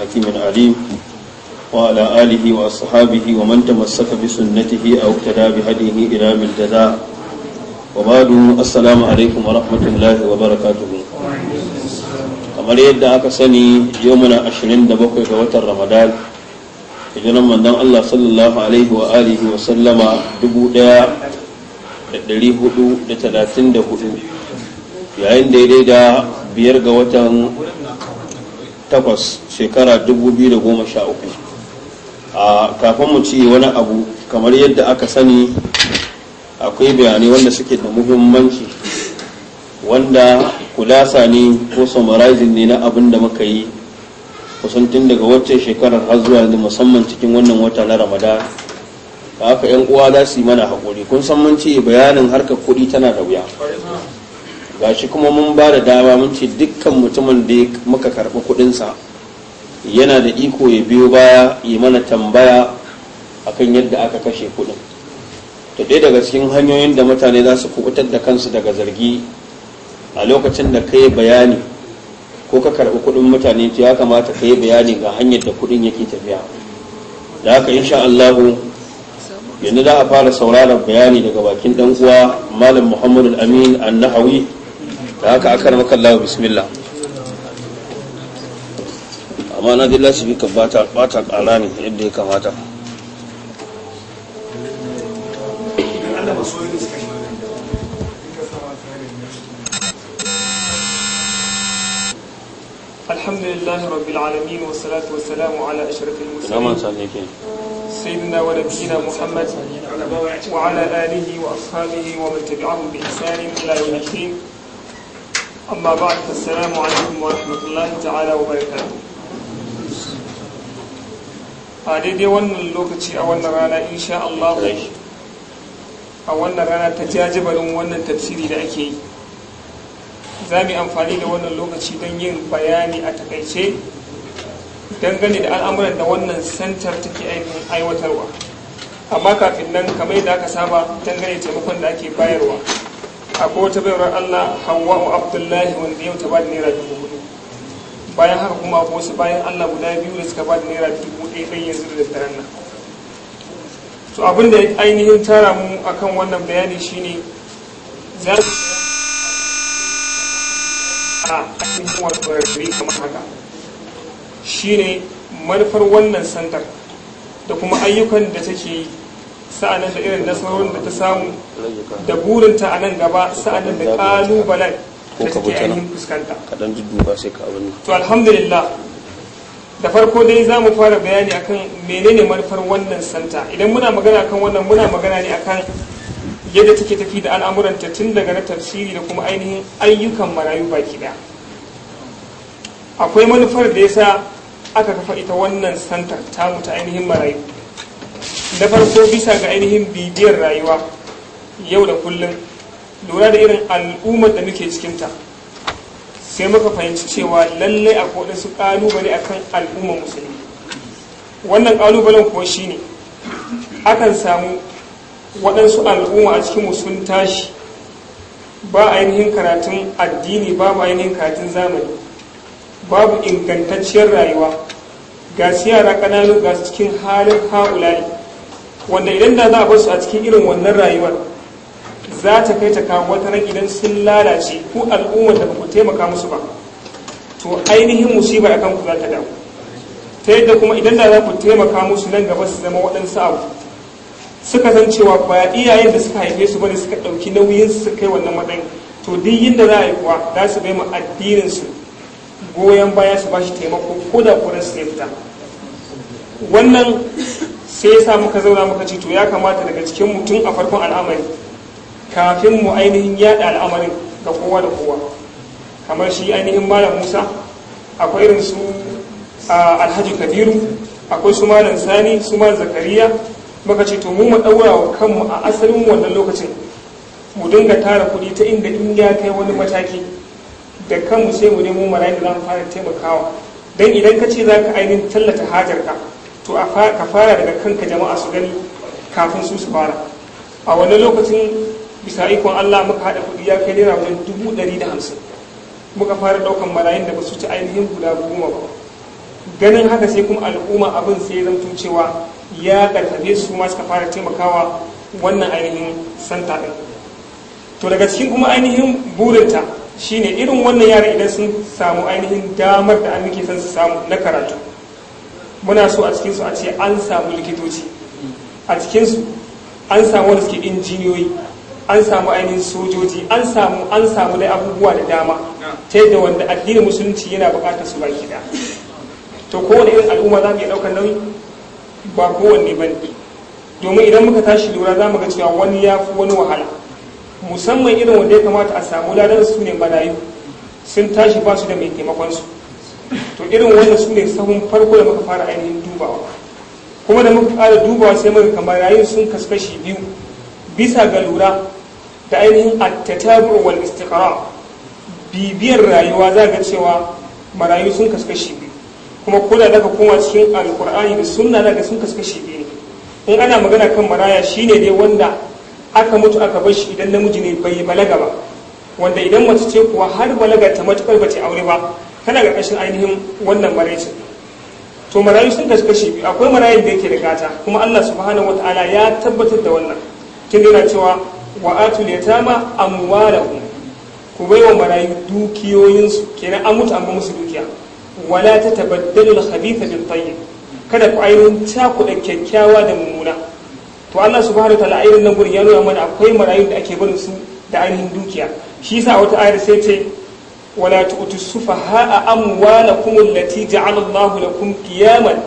حكيم عليم وعلى آله وأصحابه ومن تمسك بسنته أو اقتدى بهديه إلى من وبعد السلام عليكم ورحمة الله وبركاته kamar yadda aka sani yau muna 27 ga watan ramadan hijiran mandan Allah sallallahu alaihi wa alihi wa sallama 1434 yayin daidai da biyar ga watan takwas shekara 2013 a kafin mu ci wani abu kamar yadda aka sani akwai bayanai wanda suke da muhimmanci wanda kulasa ne ko summarizing ne na abin da muka yi kusan daga wacce shekarar har zuwa yanzu musamman cikin wannan wata na ramadan haka yan uwa za su yi mana haƙuri kun san mun ce bayanin harkar kuɗi tana da wuya gashi kuma mun ba da dama mun ce dukkan mutumin da muka karɓi kuɗinsa yana da iko ya biyo baya yi mana tambaya akan yadda aka kashe kuɗin to ɗaya daga cikin hanyoyin da mutane za su kubutar da kansu daga zargi a lokacin da ka yi bayani ko ka karɓi kuɗin mutane to ya kamata ka yi bayani ga hanyar da kuɗin yake tafiya da haka insha Allahu yanzu za a fara sauraron bayani daga bakin ɗan uwa malam Muhammadu Amin An-Nahawi da haka aka rama kallawa bismillah amma na dila shi bika ba ta kara ne yadda ya kamata الحمد لله رب العالمين والصلاة والسلام على أشرف المرسلين سيدنا ونبينا محمد وعلى آله وأصحابه ومن تبعهم بإحسان إلى يوم الدين أما بعد السلام عليكم ورحمة الله تعالى وبركاته a daidai wannan lokaci a wannan rana insha Allah a wannan rana ta jajibarin wannan tafsiri da ake yi za mu amfani da wannan lokaci don yin bayani a takaice dangane da al'amuran da wannan santar take aikin aiwatarwa amma kafin nan kamar yadda aka saba dangane taimakon da ake bayarwa akwai bai bayar Allah hawa wa Abdullahi wanda yau ta ba da naira dubu hudu bayan haka kuma wasu bayan Allah guda biyu da suka ba naira dubu ɗaya ɗan yanzu da daddaren nan to abin da ainihin tara mu akan wannan bayani shine za su a cikin wasu rarrabe kamar haka shine manufar wannan santar da kuma ayyukan da take yi sa'annan da irin nasarorin da ta samu da burinta a nan gaba sa'annan da kalubalen da take ainihin fuskanta kaɗan sai ka abin to alhamdulillah da farko dai za mu fara bayani akan menene manufar wannan santa idan muna magana kan wannan muna magana ne akan yadda take tafi da al'amuranta tun daga na tafsiri da kuma ainihin ayyukan marayu baki daya akwai manufar da ya sa aka kafa ita wannan santa tamu ta ainihin marayu na farko bisa ga ainihin bibiyar rayuwa yau da kullum lura da irin al'ummar da muke cikinta sai muka fahimci cewa lallai a su ƙalubale akan al'ummar musulmi wannan ƙalubalen kuwa shine akan samu waɗansu al'umma a cikin sun tashi ba ainihin karatun addini babu ainihin karatun zamani babu ingantacciyar rayuwa ga siyara yara ƙananu ga cikin halin ha'ulali wanda idan da za a basu a cikin irin wannan rayuwar za ta kai ta kawo wata ran idan sun lalace ko al'ummar da ba ku taimaka musu ba to ainihin musiba a kanku za ta dawo ta yadda kuma idan da za ku taimaka musu nan gaba su zama waɗansu abu suka san cewa ba iyayen da suka haife su bane suka ɗauki nauyin su kai wannan matsayin to duk yadda za a yi kuwa za su bai mu addinin su goyon baya su ba shi taimako ko da kuren su ne fita wannan sai ya sa muka zauna muka ce to ya kamata daga cikin mutum a farkon al'amari kafin mu ainihin yaɗa al'amarin ga kowa da kowa kamar shi ainihin malam musa akwai irin su alhaji kabiru akwai su malam sani su malam zakariya muka ce to mu mu daura wa kanmu a asalin wannan lokacin mu dinga tara kuɗi ta inda in ya kai wani mataki da kanmu sai mu nemo marayu da za mu fara taimakawa dan idan ka ce za ka ainihin tallata hajarka to ka fara daga kanka jama'a su gani kafin su su fara a wani lokacin bisa ikon allah muka haɗa kuɗi ya kai naira wajen dubu ɗari da hamsin muka fara ɗaukan marayun da ba su ci ainihin guda goma ba ganin haka sai kuma al'umma abin sai ya zamto cewa ya ƙarfafe su ma suka fara taimakawa wannan ainihin santa ɗin to daga cikin kuma ainihin burinta shine irin wannan yara idan sun samu ainihin damar da an muke son su samu na karatu muna so a cikinsu a ce an samu likitoci a cikinsu an samu wanda suke injiniyoyi an samu ainihin sojoji an samu an samu dai abubuwa da dama ta yadda wanda addinin musulunci yana bukatar su baki da to kowane irin al'umma za mu iya ɗaukar nauyi ba kowanne ba domin idan muka tashi lura za mu ga cewa wani ya fi wani wahala musamman irin wanda ya kamata a samu ladan su ne marayu sun tashi ba su da mai taimakon su to irin wannan su ne sahun farko da muka fara ainihin dubawa kuma da muka fara dubawa sai muka kamar yayin sun kaskashi biyu bisa ga lura da ainihin attatabu wal istiqra bibiyar rayuwa za ga cewa marayu sun kaskashi biyu kuma ko da daga koma cikin alkur'ani da sunna daga sun kaskashi biyu in ana magana kan maraya shi ne dai wanda aka mutu aka bar shi idan namiji ne bai balaga ba wanda idan mace ce kuwa har balaga ta matukar bace aure ba kana ga ƙashin ainihin wannan maraicin to marayu sun kashi kashi biyu akwai marayun da yake da gata kuma Allah subhanahu ta'ala ya tabbatar da wannan kin yana cewa wa atul yatama amwalahum ku baiwa marayu dukiyoyinsu kenan an mutu an ba musu dukiya wala ta al-khabitha bil tayyib kada ku ainihin da kyakkyawa da mummuna to Allah subhanahu wataala irin nan gurin ya nuna mana akwai marayun da ake barin su da ainihin dukiya shi yasa wata ayar sai ce ولا تؤتوا السفهاء أموالكم التي جعل الله لكم قياما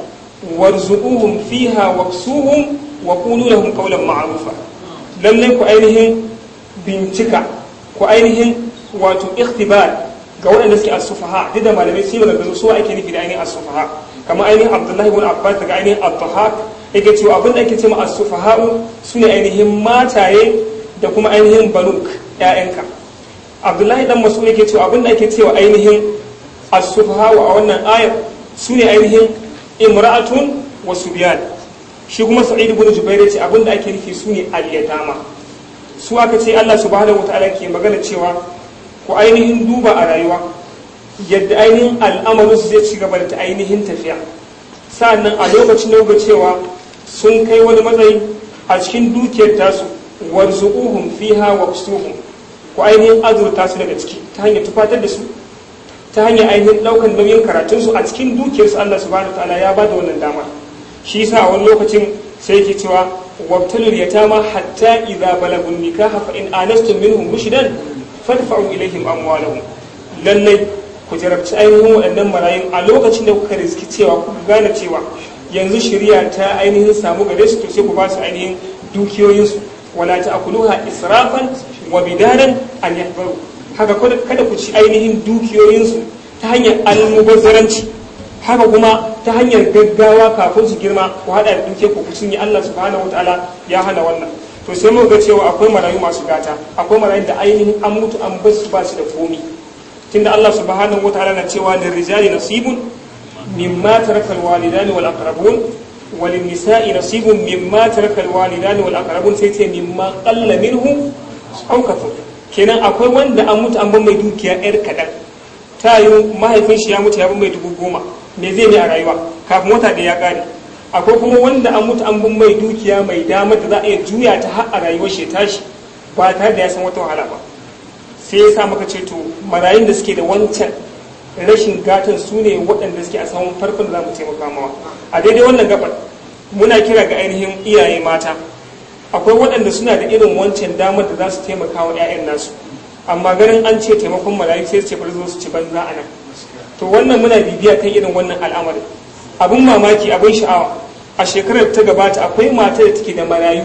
وارزقوهم فيها واكسوهم وقولوا لهم قولا معروفا لم نكن أينهم bincika ku ainihin wato ikhtibar ga waɗanda suke as-sufaha duk da malamai sai daga su ake nufi da ainihin as-sufaha kamar ainihin Abdullahi ibn Abbas daga ainihin Abdahak yake cewa abin da ake cewa as-sufaha sune ainihin mataye da kuma ainihin banuk ƴaƴanka abdullahi dan masu yake cewa abinda da ake cewa ainihin as wa a wannan ayar su ne ainihin imra'atun wa shi kuma sa'id ibn jubair ya ce abin da ake nufi su ne aliyatama su aka ce Allah su subhanahu wataala ke magana cewa ku ainihin duba a rayuwa yadda ainihin al'amarin zai ci gaba da ainihin tafiya sa'annan a lokacin da cewa sun kai wani matsayi a cikin dukiyar tasu warzuquhum fiha kusuhum ku ainihin azurta su daga ciki ta hanyar tufatar da su ta hanyar ainihin ɗaukan nauyin karatunsu a cikin dukiyarsu Allah Su bada ta'ala ya ba wannan dama shi yasa a wani lokacin sai yake cewa wabtalul ma hatta iza balagun nika hafa in anastun minhum mushidan fadfa'u ilaihim amwalahum lallai ku jarabci ainihin waɗannan marayun a lokacin da kuka riski cewa ku gane cewa yanzu shirya ta ainihin samu gare su to sai ku ba su ainihin dukiyoyinsu wala ta'kuluha israfan wa bidanan an yahbaru haka kada ku ci ainihin dukiyoyinsu ta hanyar almubazzaranci haka kuma ta hanyar gaggawa kafin su girma ku hada da duke ku sun yi Allah subhanahu wataala ya hana wannan to sai mu ga cewa akwai marayu masu gata akwai marayu da ainihin an mutu an basu ba su da komi tunda Allah subhanahu wataala na cewa da rijali nasibun mimma tarakal walidani wal aqrabun وللنساء نصيب مما ترك الوالدان sai سيتي مما قل منه aukafa kenan akwai wanda an mutu an ban mai dukiya yar kadan ta yi mahaifin shi ya mutu ya ban mai dubu goma me zai ne a rayuwa kafin wata da ya kare akwai kuma wanda an mutu an ban mai dukiya mai damar da za a iya juya ta har a rayuwar shi tashi ba tare da ya san wata wahala ba sai ya sa maka ce to marayun da suke da wancan rashin gatan su ne waɗanda suke a samun farkon da za mu taimaka mawa a daidai wannan gabar muna kira ga ainihin iyaye mata akwai waɗanda suna da irin wancan damar da za su taimaka wa 'ya'yan nasu amma ganin an ce taimakon marayu sai su ce bari su ci banza a nan to wannan muna bibiya kan irin wannan al'amari abin mamaki abin sha'awa a shekarar ta gabata akwai mata da take da marayu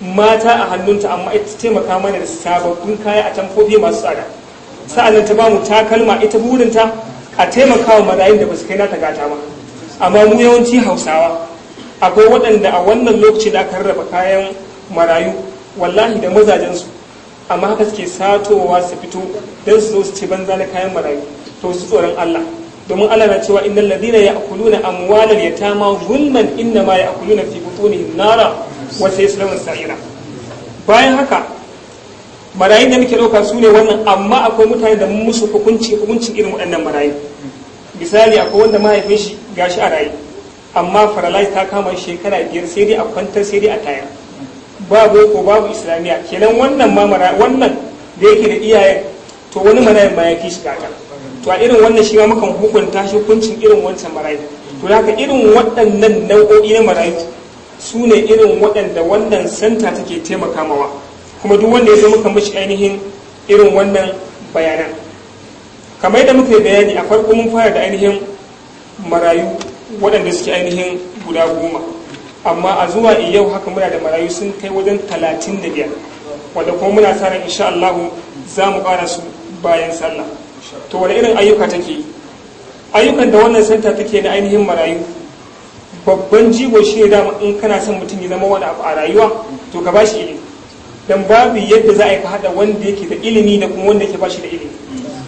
mata a hannunta amma ita taimaka mana da sababbin kaya a tamfofi masu tsada nan ta bamu takalma ita burinta a taimaka wa marayun da ba su kai nata gata ba amma mu yawanci hausawa akwai waɗanda a wannan lokaci da aka rarraba kayan marayu wallahi da mazajensu amma haka suke satowa su fito don su zo su ce banza na kayan marayu to su tsoron Allah domin Allah na cewa innal ladina ya'kuluna amwalal yatama zulman inna ma ya'kuluna fi butunihim nara wa sayaslawun sa'ira bayan haka marayun da muke dauka su ne wannan amma akwai mutane da musu hukunci hukuncin irin waɗannan marayun misali akwai wanda mahaifin shi gashi a raye amma faralai ta kama shekara biyar sai dai a kwantar sai dai a tayar ba boko babu islamiyya kenan wannan ma wannan da yake da iyayen to wani marayin ma ya fi shi kaka to a irin wannan shi ma mukan hukunta shi hukuncin irin wancan marayin to haka irin waɗannan nau'o'i na marayu su ne irin waɗanda wannan santa take taimaka mawa kuma duk wanda ya zo muka mishi ainihin irin wannan bayanan kamar yadda muka yi bayani a farko mun fara da ainihin marayu waɗanda suke ainihin guda goma amma a zuwa yau haka muna da marayu sun kai wajen talatin da biyar wanda kuma muna sa in insha Allah za mu ƙara su bayan sallah to wani irin ayyuka take ayyukan da wannan santa take na ainihin marayu babban jigo shi ne dama in kana son mutum ya zama wani abu a rayuwa to ka ba shi ilimi dan babu yadda za a yi ka haɗa wanda yake da ilimi da kuma wanda yake shi da ilimi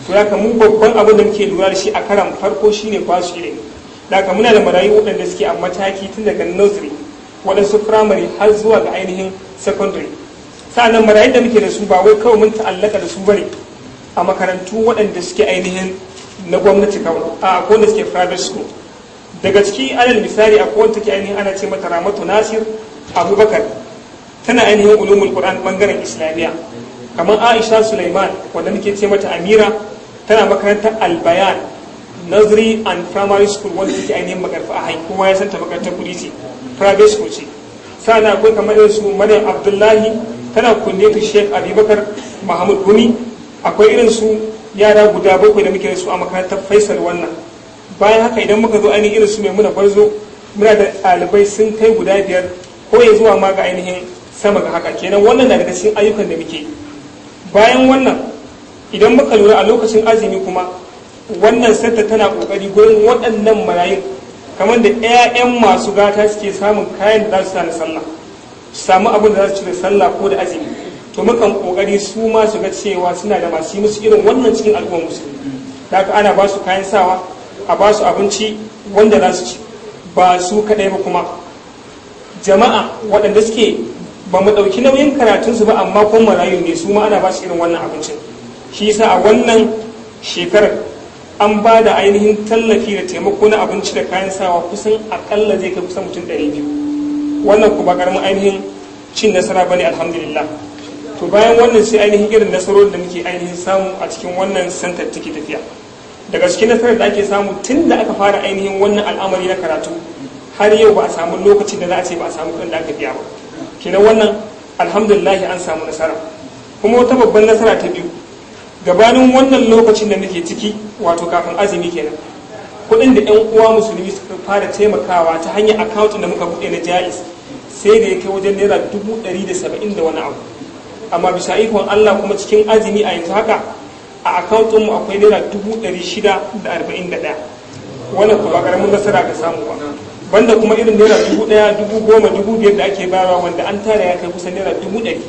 to ya mu babban abin da muke lura da shi a karan farko shine basu ilimi daga muna da marayu waɗanda suke a mataki tun daga nursery waɗansu firamare har zuwa ga ainihin secondary sa'annan marayun da muke da su ba wai kawai mun ta'allaka da su bane a makarantu waɗanda suke ainihin na gwamnati kawai a wanda suke private school daga ciki alal misali a wanda take ainihin ana ce mata ramatu nasir abubakar tana ainihin ulumul qur'an bangaren islamiyya kamar aisha suleiman wanda muke ce mata amira tana makarantar albayan nursery and primary school wanda take ainihin makarfa a hai kuma ya santa makarantar kudi ce private school ce sana akwai kamar irin su maryam abdullahi tana kunne ta shek abubakar mahamud gumi akwai irin su yara guda bakwai da muke da su a makarantar faisal wannan bayan haka idan muka zo ainihin irin su mai muna barzo muna da ɗalibai sun kai guda biyar ko ya zuwa ma ga ainihin sama ga haka kenan wannan na daga cikin ayyukan da muke bayan wannan idan muka lura a lokacin azumi kuma wannan sarta tana kokari gurin waɗannan marayun kamar da 'ya'yan masu gata suke samun kayan da za su na sallah su samu abin da za su cire sallah ko da azumi to mukan kokari su ma su ga cewa suna da masu yi musu irin wannan cikin al'ummar musulmi da aka ana ba su kayan sawa a ba su abinci wanda za su ci ba su kaɗai ba kuma jama'a waɗanda suke ba mu ɗauki nauyin karatunsu ba amma kuma marayu ne su ma ana ba su irin wannan abincin shi yasa a wannan shekarar an ba da ainihin tallafi da taimako na abinci da kayan sawa kusan akalla zai kai kusan mutum 200 wannan ku ba karamin ainihin cin nasara bane alhamdulillah to bayan wannan sai ainihin irin nasarorin da muke ainihin samu a cikin wannan santar take tafiya daga cikin nasarar da ake samu tun da aka fara ainihin wannan al'amari na karatu har yau ba a samu lokacin da za a ce ba a samu kan da aka biya ba kenan wannan alhamdulillah an samu nasara kuma wata babban nasara ta biyu gabanin wannan lokacin da nake ciki wato kafin azumi kenan kuɗin da yan uwa musulmi suka fara taimakawa ta hanyar account da muka buɗe na jais sai da ya kai wajen naira dubu ɗari da saba'in da wani abu amma bisa ikon allah kuma cikin azumi a yanzu haka a account mu akwai naira dubu ɗari shida da arba'in da ɗaya wannan kuma karamin nasara ka samu ba banda kuma irin naira dubu ɗaya dubu goma dubu biyar da ake bayarwa wanda an tara ya kai kusan naira dubu ɗari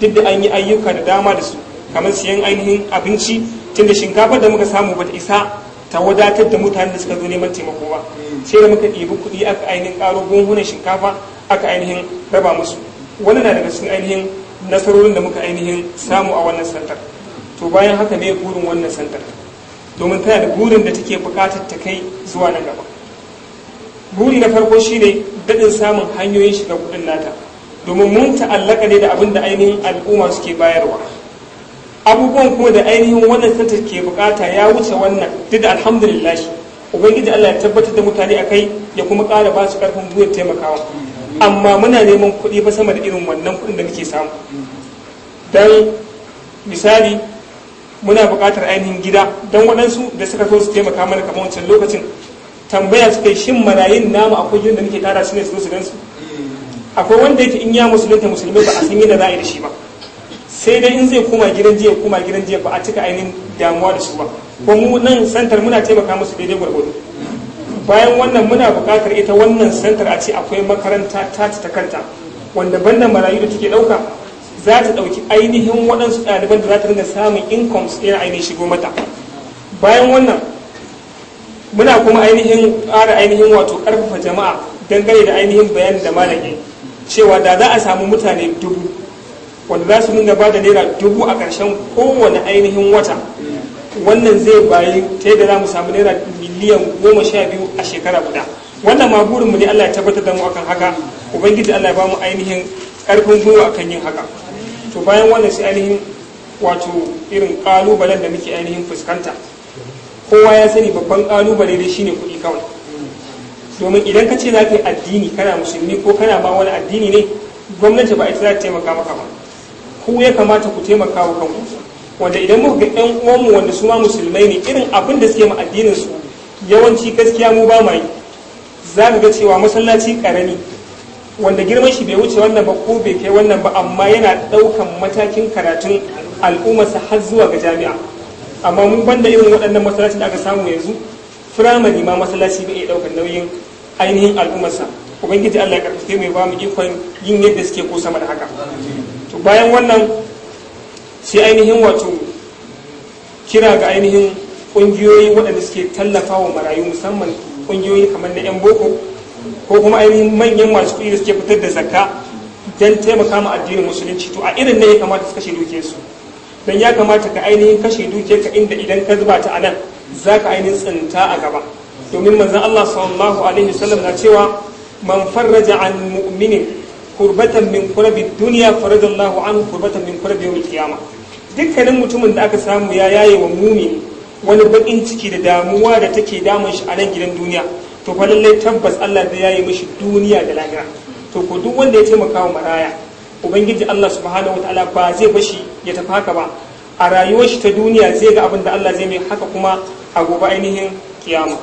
duk da an yi ayyuka da dama da su kamar siyan ainihin abinci tunda shinkafar da muka samu bata isa ta wadatar da mutane da suka zo neman taimako ba sai da muka ɗebi kuɗi aka ainihin ƙaro gungunan shinkafa aka ainihin raba musu wannan na daga cikin ainihin nasarorin da muka ainihin samu a wannan santar to bayan haka ne burin wannan santar domin tana da burin da take buƙatar ta kai zuwa nan gaba buri na farko shine daɗin samun hanyoyin shiga kuɗin nata domin mun ta'allaka ne da abin da ainihin al'umma suke bayarwa abubuwan kuma da ainihin wannan sata ke bukata ya wuce wannan duk da alhamdulillah ubangiji Allah ya tabbatar da mutane a kai ya kuma kara ba su karfin gwiwar taimakawa amma muna neman kuɗi fa sama da irin wannan kuɗin da muke samu dan misali muna buƙatar ainihin gida don waɗansu da suka so su taimaka mana kamar wancan lokacin tambaya suka yi shin marayin namu akwai gidan da muke tara su ne su su akwai wanda yake in ya musulunta musulmi ba a san yadda za a yi da shi ba sai dai in zai koma gidan jiya kuma gidan jiya ba a cika ainihin damuwa da su ba ko mu nan santar muna taimaka musu daidai gwargwado bayan wannan muna bukatar ita wannan santar a ce akwai makaranta ta ta kanta wanda banda marayu da take ɗauka za ta ɗauki ainihin waɗansu ɗaliban da za ta ringa samun incomes ɗaya ainihin shigo mata bayan wannan muna kuma ainihin ƙara ainihin wato ƙarfafa jama'a dangane da ainihin bayanin da malaki cewa da za a samu mutane dubu wanda za su nuna ba da naira dubu a ƙarshen kowane ainihin wata wannan zai bayi ta yadda za mu samu naira miliyan goma sha biyu a shekara guda wannan ma burinmu ne allah ya tabbatar da mu akan haka ubangiji allah ya ba mu ainihin ƙarfin gwiwa akan yin haka to bayan wannan sai ainihin wato irin kalubalen da muke ainihin fuskanta kowa ya sani babban ƙalubale ne shine kuɗi kawai domin idan ka ce za ka yi addini kana musulmi ko kana ba wani addini ne gwamnati ba ita za ta taimaka maka ba ku ya kamata ku taimaka wa kanku wanda idan muka ga yan uwanmu wanda su ma musulmai ne irin abin da suke ma addinin su yawanci gaskiya mu ba ma yi za mu ga cewa masallaci karami wanda girman shi bai wuce wannan ba ko bai kai wannan ba amma yana ɗaukan matakin karatun sa har zuwa ga jami'a amma mun banda irin waɗannan masallaci da aka samu yanzu firamare ma masallaci bai iya ɗaukar nauyin ainihin al'ummarsa ubangiji allah ya karfafe mai ba mu ikon yin yadda suke ko sama da haka bayan wannan sai ainihin wato kira ga ainihin ƙungiyoyi waɗanda suke tallafa wa marayu musamman ƙungiyoyi kamar na 'yan boko ko kuma ainihin manyan masu kuɗi da suke fitar da zakka don taimaka ma addinin musulunci to a irin ne ya kamata su kashe dukiyarsu don ya kamata ka ainihin kashe dukiyarka inda idan ka zuba ta a nan za ka ainihin tsinta a gaba domin manzon Allah sallallahu alaihi wasallam na cewa man farraja an mu'minin kurbatan min kurabi duniya faradallahu an kurbatan min kurabi yawmil qiyama dukkanin mutumin da aka samu ya yaye wa mumin wani bakin ciki da damuwa da take damun shi a nan gidan duniya to fa lallai tabbas Allah zai yaye mishi duniya da lahira to ko duk wanda ya taimaka wa maraya ubangiji Allah subhanahu wataala ba zai bashi ya tafi haka ba a rayuwar shi ta duniya zai ga abin da Allah zai mai haka kuma a gobe ainihin kiyama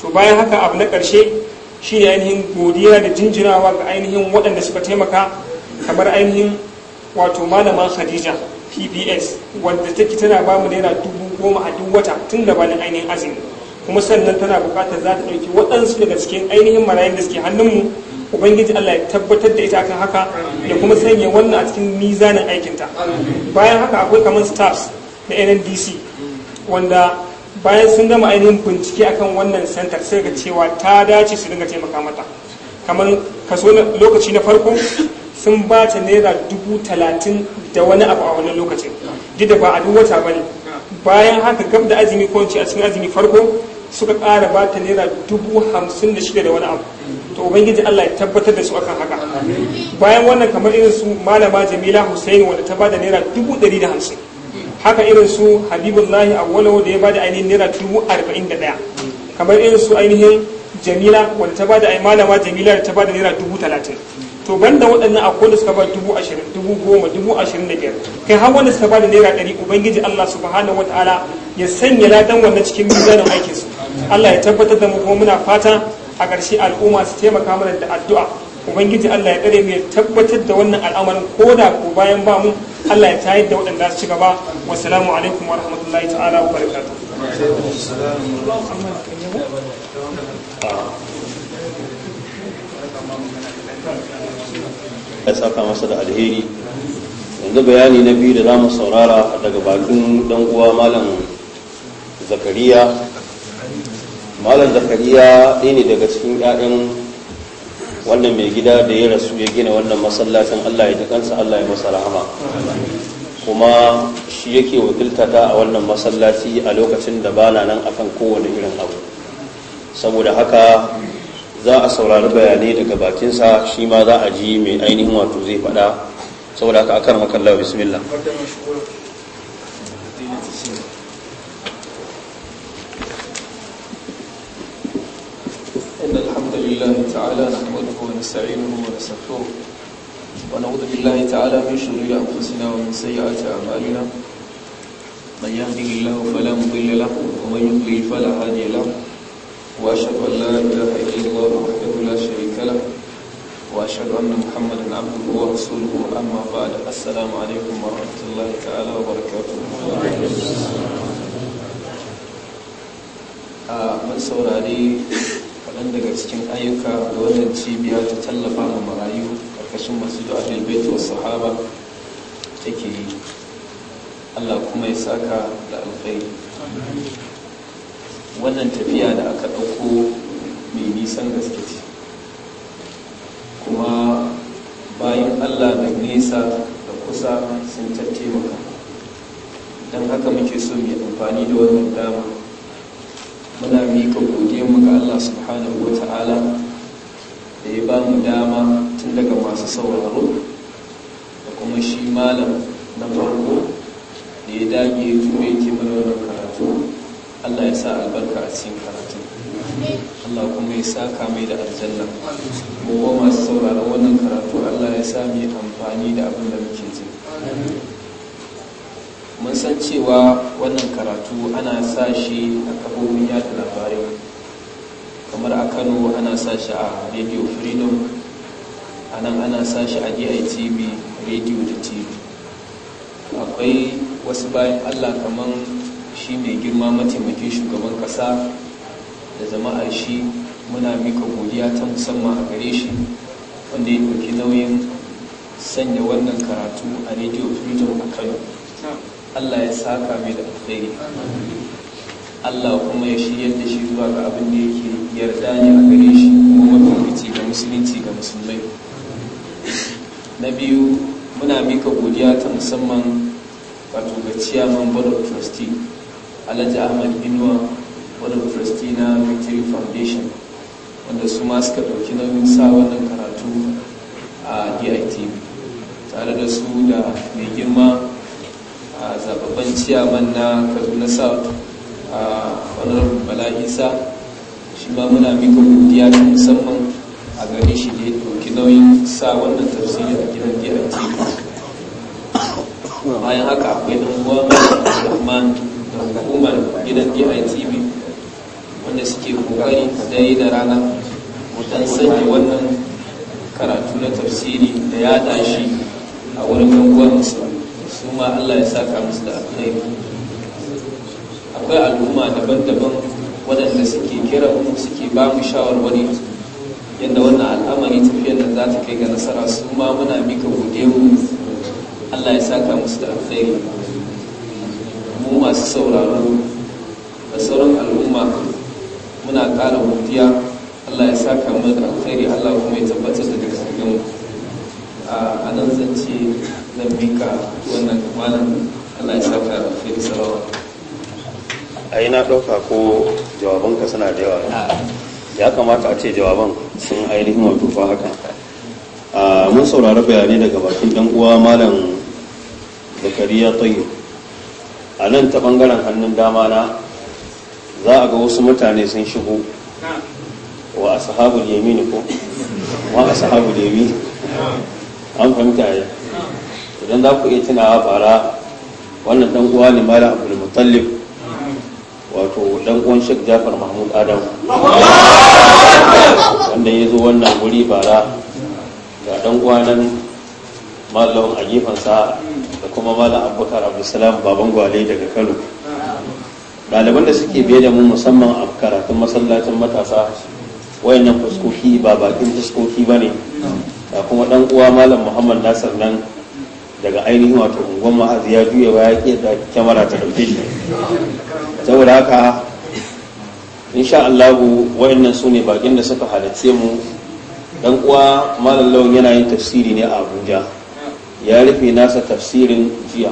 to bayan haka abu na ƙarshe shine ainihin godiya da jinjinawa ga ainihin waɗanda suka taimaka kamar ainihin wato malaman khadija pbs wadda take tana bamu mu naira dubu goma a duk wata tun da bani ainihin azumi kuma sannan tana buƙatar za ta ɗauki waɗansu daga cikin ainihin marayun da suke hannunmu ubangiji allah ya tabbatar da ita akan haka da kuma sanya wannan a cikin mizanin aikinta bayan haka akwai kamar staffs na nndc wanda bayan sun gama ainihin bincike akan wannan center sai ga cewa ta dace su dinga taimaka mata kamar kaso lokaci na farko sun ba ta naira dubu talatin da wani abu a wannan lokacin duk da ba a duk wata ne bayan haka gab da azumi ko a cikin azumi farko suka ƙara ba ta naira dubu hamsin da shida da wani abu to ubangiji Allah ya tabbatar da su akan haka bayan wannan kamar irin su malama Jamila Hussein wanda ta ba da naira dubu ɗari da hamsin haka irin su habibullahi awwalawo da ya bada ainihin naira dubu arba'in da ɗaya kamar irin su ainihin jamila wanda ta bada ai malama jamila da ta bada naira dubu talatin to banda waɗannan akwai da suka ba dubu ashirin dubu goma dubu ashirin da biyar kai har wanda suka bada naira ɗari ubangiji allah subhanahu wataala ya sanya ladan wannan cikin mizanin aikinsu allah ya tabbatar da mu kuma muna fata a ƙarshe al'umma su taimaka mana da addu'a ubangiji Allah ya tsare mu ya tabbatar da wannan al'amarin ko da ko bayan ba mu Allah ya tayar da waɗanda su ci gaba wassalamu alaikum wa rahmatullahi ta'ala wa barakatuh ya saka masa da alheri yanzu bayani na biyu da za mu saurara daga bakin dan uwa malam zakariya malam zakariya ɗaya ne daga cikin 'ya'yan wannan mai gida da ya rasu ya gina wannan masallacin Allah ya ji kansa Allah ya masa rahama kuma shi yake wakiltata a wannan masallaci a lokacin da bana nan akan kowane irin abu saboda haka za a saurari bayanai daga bakinsa shi ma za a ji mai ainihin wato zai faɗa saboda haka akan makalla bismillah إن الحمد لله تعالى نحمده ونستعينه ونستغفره ونعوذ بالله تعالى من شرور أنفسنا ومن سيئات أعمالنا من يهده الله فلا مضل له ومن يضلل فلا هادي له وأشهد أن لا إله إلا الله وحده لا شريك له وأشهد أن محمدا عبده ورسوله أما بعد السلام عليكم ورحمة الله تعالى وبركاته آه، من سورة kaɗan daga cikin ayyuka da wannan cibiya ta tallafa ma marayu ƙarƙashin masu da ahlul wasu sahaba take yi Allah kuma ya saka da alfai. wannan tafiya da aka ɗauko mai nisan gaske ce kuma bayan Allah da nesa da kusa sun tattaimaka don haka muke so mai amfani da wannan dama muna mika ko mu ga Allah subhanahu wa ta'ala da ya ba mu dama tun daga masu sauraro da kuma shi malam na farko da ya dage ya ke mana karatu Allah ya sa albarka a cikin karatu Allah kuma ya sa mai da aljanna kowa masu sauraron wannan karatu Allah ya sa mai amfani da abin da muke ji mun san cewa wannan karatu ana sa shi a kafofin yada labarai kamar a kano ana sashi a radio freedom a nan ana sashi a ditv radio da tv akwai wasu bayan allah kamar shi mai girma mataimakin shugaban kasa da jama'ar shi muna mika godiya ta musamman a gare shi wanda ya ɗauki nauyin sanya wannan karatu a radio freedom a kano allah ya saka mai da alkhairi Allah kuma ya shiryar da shi zuwa ga abin da yake yarda ne a gare shi kuma mafi ga musulunci ga musulmai na biyu muna mika godiya ta musamman wato ga ciyaman board of trustee alhaji ahmad inuwa board of na victory foundation wanda su ma suka ɗauki nauyin sa wannan karatu a DIT, tare da su da mai girma a zababban ciyaman na kaduna south a honorable Bala'isa, shi ma muna mika godiya ta musamman a gare shi da ya nauyin sa wannan tafsiri a gidan gidan bayan haka akwai ɗan uwa rahman da hukumar gidan gidan tv wanda suke kokari yi da rana wajen sanya wannan karatu na tafsiri da ya shi a wurin uwa musulmi su ma allah ya saka musu da alkhairi akwai al'umma daban-daban waɗanda suke kira mu suke ba mu shawarwari yadda wannan al'amari tafiyar da za ta kai ga nasara su ma muna mika gode Allah ya saka musu da alkhairi mu masu sauraro da sauran al'umma muna ƙara godiya Allah ya saka mu da alkhairi Allah kuma ya tabbatar da gaskiyar a nan zan ce zan mika wannan malam Allah ya saka da alkhairi a yi na ɗauka ko jawabanka suna da yawa ah. ya kamata a ce jawaban sun ainihin wato fa haka ah, mun saurari bayani daga bakin ɗan uwa malam zakariya tsayi a nan ta ɓangaren hannun dama na za a ga wasu mutane sun shigo wa a sahabu yamini ko wa a sahabu yamini an fahimta ya idan za ku iya tunawa bara wannan ɗan uwa ne malam abdul mutallib wato dan uwan Sheikh Jafar Mahmud Adam wanda ya zo wannan wuri bara ga dan uwanan malamin a gefensa da kuma malam Abubakar Abdulsalam baban gwale daga Kano ɗaliban da suke biye da mu musamman a karatun masallacin matasa wayannan fuskoki ba bakin fuskoki ba ne da kuma dan uwa malam Muhammad Nasir nan daga ainihin wato unguwan ma'azi ya juya ba ya da kyamara ta ɗauke shi saboda haka insha Allahu wayannan su ne bakin da suka halatce mu dan uwa malam lawan yana yin tafsiri ne a Abuja ya rufe nasa tafsirin jiya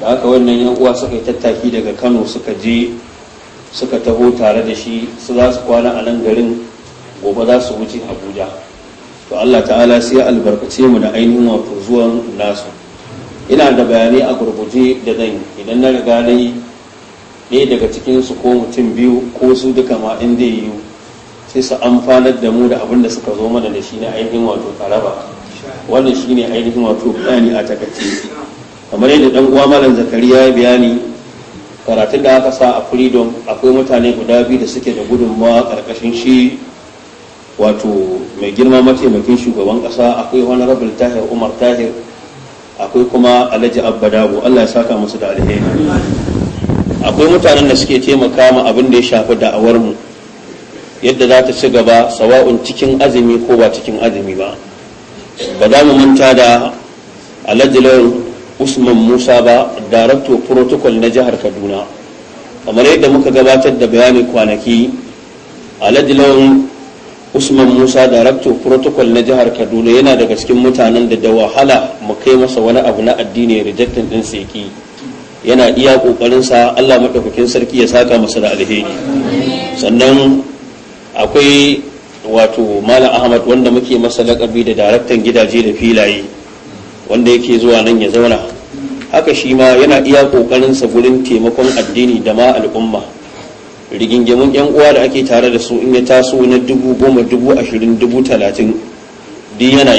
da haka wannan yan uwa suka yi tattaki daga Kano suka je suka taho tare da shi su za su kwana a nan garin gobe za su wuce Abuja to Allah ta'ala sai albarkace mu da ainihin wato zuwan nasu ina da bayanai a gurguje da zan idan na riga na yi ne daga cikinsu ko mutum biyu ko su duka ma in yiwu sai su amfanar da mu da abin suka zo mana da shi na ainihin wato karaba wannan shi ne ainihin wato bayani a takaice kamar yadda dan uwa malam zakariya ya bayani karatun da aka sa a freedom akwai mutane guda biyu da suke da gudunmawa karkashin shi wato mai girma mataimakin shugaban kasa akwai wani rabin tahir umar tahir akwai kuma alhaji abbadago Allah ya saka musu da alheri akwai mutanen da suke taimaka ma abin da ya shafi da'awar mu yadda za ta ci gaba sawa'un cikin azumi ko ba cikin azumi ba ba za mu manta da alhaji usman musa ba darakto protocol na jihar kaduna kamar yadda muka gabatar da bayani kwanaki alhaji usman musa darakto protocol na jihar kaduna yana daga cikin mutanen da da wahala mu kai masa wani abu na addini rejectin din seki yana iya sa allah maɗaukakin sarki ya saka masa da alheri sannan akwai wato malam ahmad wanda muke masa lakabi da daraktan gidaje da filaye wanda yake zuwa nan ya zauna haka shi ma yana iya sa gurin taimakon addini da ma al'umma rigingimin yan uwa da ake tare da su in ya taso na dubu goma dubu ashirin dubu talatin din yana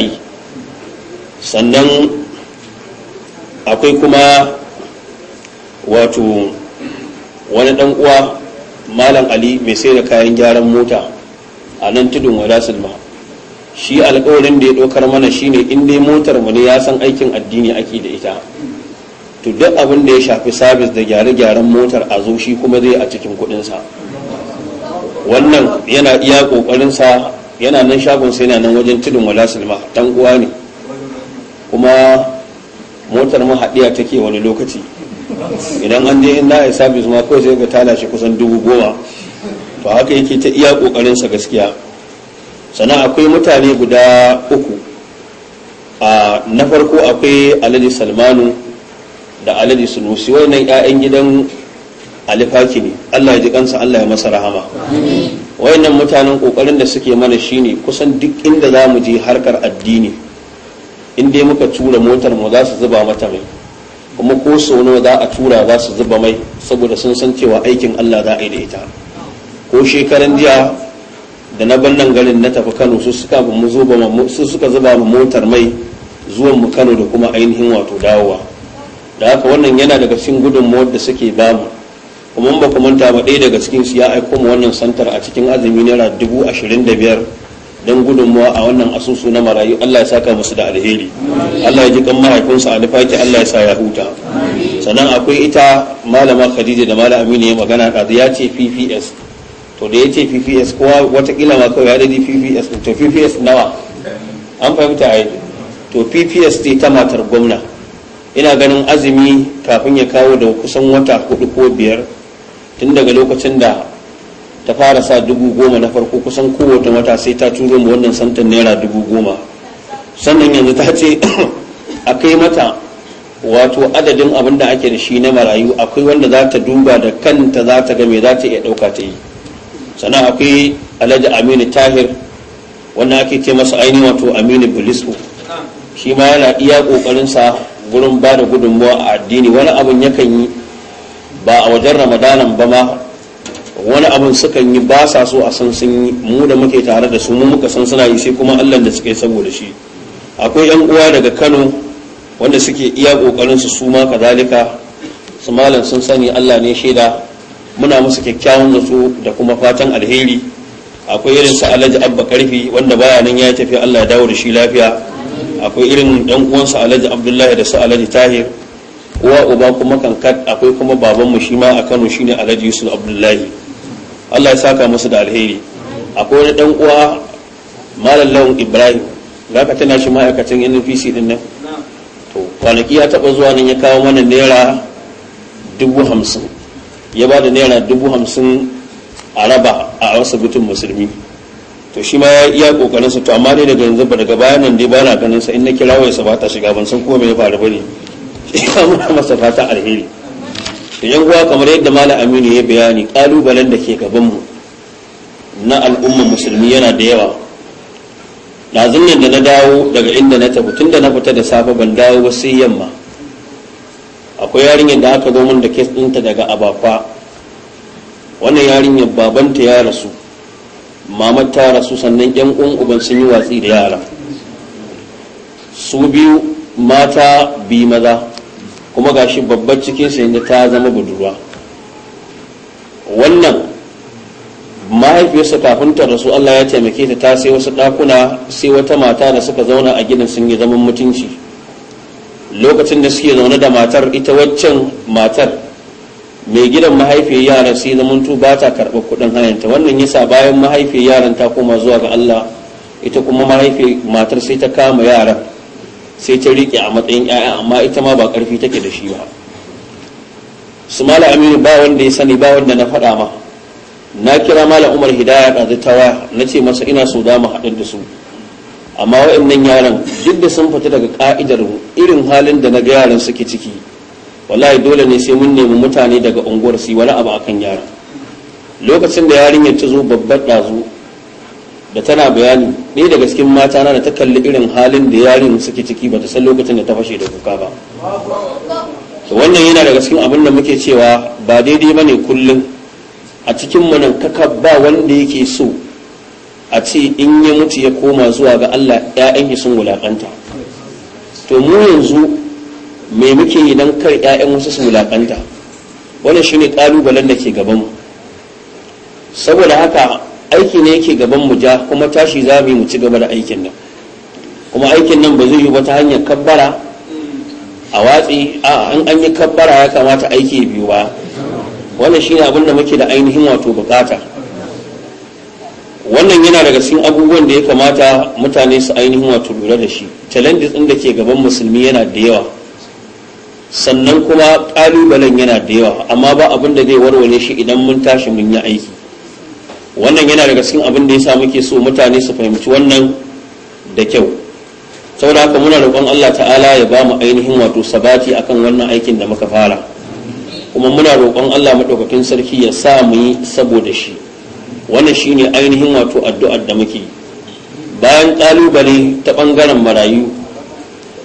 sannan akwai kuma wato wani dan uwa malam ali mai sai da kayan gyaran mota a nan tudun wada silma shi alkawarin da ya ɗaukar mana shine in dai motar mu ne ya san aikin addini ake da ita to duk abin da ya shafi sabis da gyare-gyaren motar a zo shi kuma zai a cikin kudinsa wannan yana iya kokarinsa yana nan shagon sai nan wajen tudun wala silma dan uwa ne kuma motar mahaɗiya take wani lokaci idan an je inda ya sabis ma kawai sai ga tala shi kusan dubu goma to haka yake ta iya kokarinsa gaskiya sannan akwai mutane guda uku a na farko akwai alhaji salmanu da alade nusi wannan ƴaƴan gidan alifaki ne allah ya ji kansa allah ya masa rahama wayannan mutanen kokarin da suke mana shine kusan duk inda zamu je harkar addini in dai muka tura motar mu za su zuba mata mai kuma ko sau nawa za a tura za su zuba mai saboda sun san cewa aikin allah za a yi da ita ko shekaran jiya da na ban nan garin na tafi kano su suka mu zuba mu su suka zuba mu motar mai zuwan mu kano da kuma ainihin wato dawowa da haka wannan yana daga cikin gudunmuwar da suke bamu kuma ba ku manta ba ɗaya daga cikin su ya aiko mu wannan santar a cikin azumi naira dubu ashirin da biyar don gudunmuwa a wannan asusu na marayu Allah ya saka musu da alheri Allah ya ji kan mahaifinsa a nufaki Allah ya sa ya huta sannan akwai ita malama Khadija da malam Aminu ya magana ɗazu ya ce PPS to da ya ce PPS kowa watakila ma kawai ya daji PPS to PPS nawa an fahimta a to PPS ce ta matar gwamna ina ganin azumi kafin ya kawo da kusan wata hudu ko biyar tun daga lokacin da ta fara sa dubu goma na farko kusan kowace wata sai ta turo mu wannan santan naira dubu goma sannan yanzu ta ce a kai mata wato adadin abin da ake da shi na marayu akwai wanda za ta duba da kanta za ta ga mai za ta iya ɗauka ta yi sannan akwai alhaji aminu tahir wanda ake ce masa ainihin wato aminu bilisku shi ma yana iya ƙoƙarinsa gurin ba da gudunmuwa a addini wani abin yakan yi ba a wajen ramadanan ba ma wani abin sukan yi ba sa so a san sun yi mu da muke tare da su mu muka san suna yi sai kuma allah da suka yi saboda shi akwai yan uwa daga kano wanda suke iya kokarin su suma kazalika su malam sun sani allah ne shaida muna musu kyakkyawan natsu da kuma fatan alheri akwai irin su alhaji abba karfi wanda baya nan ya tafi allah ya dawo da shi lafiya akwai irin dan uwansa alhaji abdullahi da su alhaji tahir uwa uba kuma kankat akwai kuma baban mu shi ma a kano shine alhaji yusuf abdullahi allah ya saka musu da alheri akwai wani dan uwa malam lawan ibrahim za ka tana shi ma'aikacin nfc din nan to kwanaki ya taba zuwa nan ya kawo mana naira dubu hamsin ya ba da naira dubu hamsin a raba a asibitin musulmi to shi ma ya iya kokarin sa to amma dai daga yanzu ba daga bayan nan dai bana ganin sa in na kira wayar sa ba ta shiga ban san ko me ya faru bane shi ka muna masa fata alheri to yan uwa kamar yadda malam Aminu ya bayani kalubalen da ke gaban mu na al'umma musulmi yana da yawa lazim nan da na dawo daga inda na tafi tun da na fita da safe ban dawo ba sai yamma akwai yarinyar da aka zo min da kes ɗinta daga abafa wannan yarinyar babanta ya rasu mamar ta rasu sannan yan uwan uban sun yi watsi da yara su biyu mata bi maza kuma gashi babbar cikin sa da ta zama budurwa wannan mahaifiyarsa kafin ta rasu Allah ya taimake ta ta sai wasu ɗakuna sai wata mata da suka zauna a gidan sun yi zaman mutunci lokacin da suke zaune da matar ita waccan matar mai gidan mahaifiyar yaran sai zamanto ba ta karɓar kuɗin hayanta wannan yasa bayan mahaifiyar yaran ta koma zuwa ga Allah ita kuma mahaifiyar matar sai ta kama yaran sai ta riƙe a matsayin 'ya'ya amma ita ma ba ƙarfi take da shi ba su mala aminu ba wanda ya sani ba wanda na faɗa ma na kira mala umar hidaya ɗazu ta waya na ce masa ina so da mu haɗu da su amma nan yaran duk da sun fita daga ƙa'idar irin halin da na ga yaran suke ciki wallahi dole ne sai mun nemi mutane daga unguwar su wani abu akan yara lokacin da yarinyar ta zo babbar ɗazu da tana bayani ne daga cikin mata na da ta kalli irin halin da yarin suke ciki ba ta san lokacin da ta fashe da kuka ba wannan yana daga cikin abin da muke cewa ba daidai ba ne kullum a cikin manan kaka ba wanda yake so a ce in ya mutu ya koma zuwa ga allah 'ya'yan sun wulaƙanta to mu yanzu me muke yi idan kar 'ya'yan wasu su wulaƙanta wannan shine ƙalubalen da ke gabanmu saboda haka aiki ne yake gaban mu ja kuma tashi za mu ci gaba da aikin nan kuma aikin nan ba zai yi wata hanyar kabbara a watsi a an an yi kabbara ya kamata aiki biyu ba wannan ne abin da muke da ainihin wato bukata wannan yana daga cikin abubuwan da ya kamata mutane su ainihin wato lura da shi challenges ɗin da ke gaban musulmi yana da yawa sannan kuma ƙalubalen yana da yawa amma ba abin da zai warware shi idan mun tashi mun yi aiki wannan yana daga cikin abin da ya sa muke so mutane su fahimci wannan da kyau saboda haka muna roƙon Allah ta'ala ya ba mu ainihin wato sabati akan wannan aikin da muka fara kuma muna roƙon Allah madaukakin sarki ya sa mu yi saboda shi wannan shine ainihin wato addu'ar da muke bayan ƙalubale ta ɓangaren marayu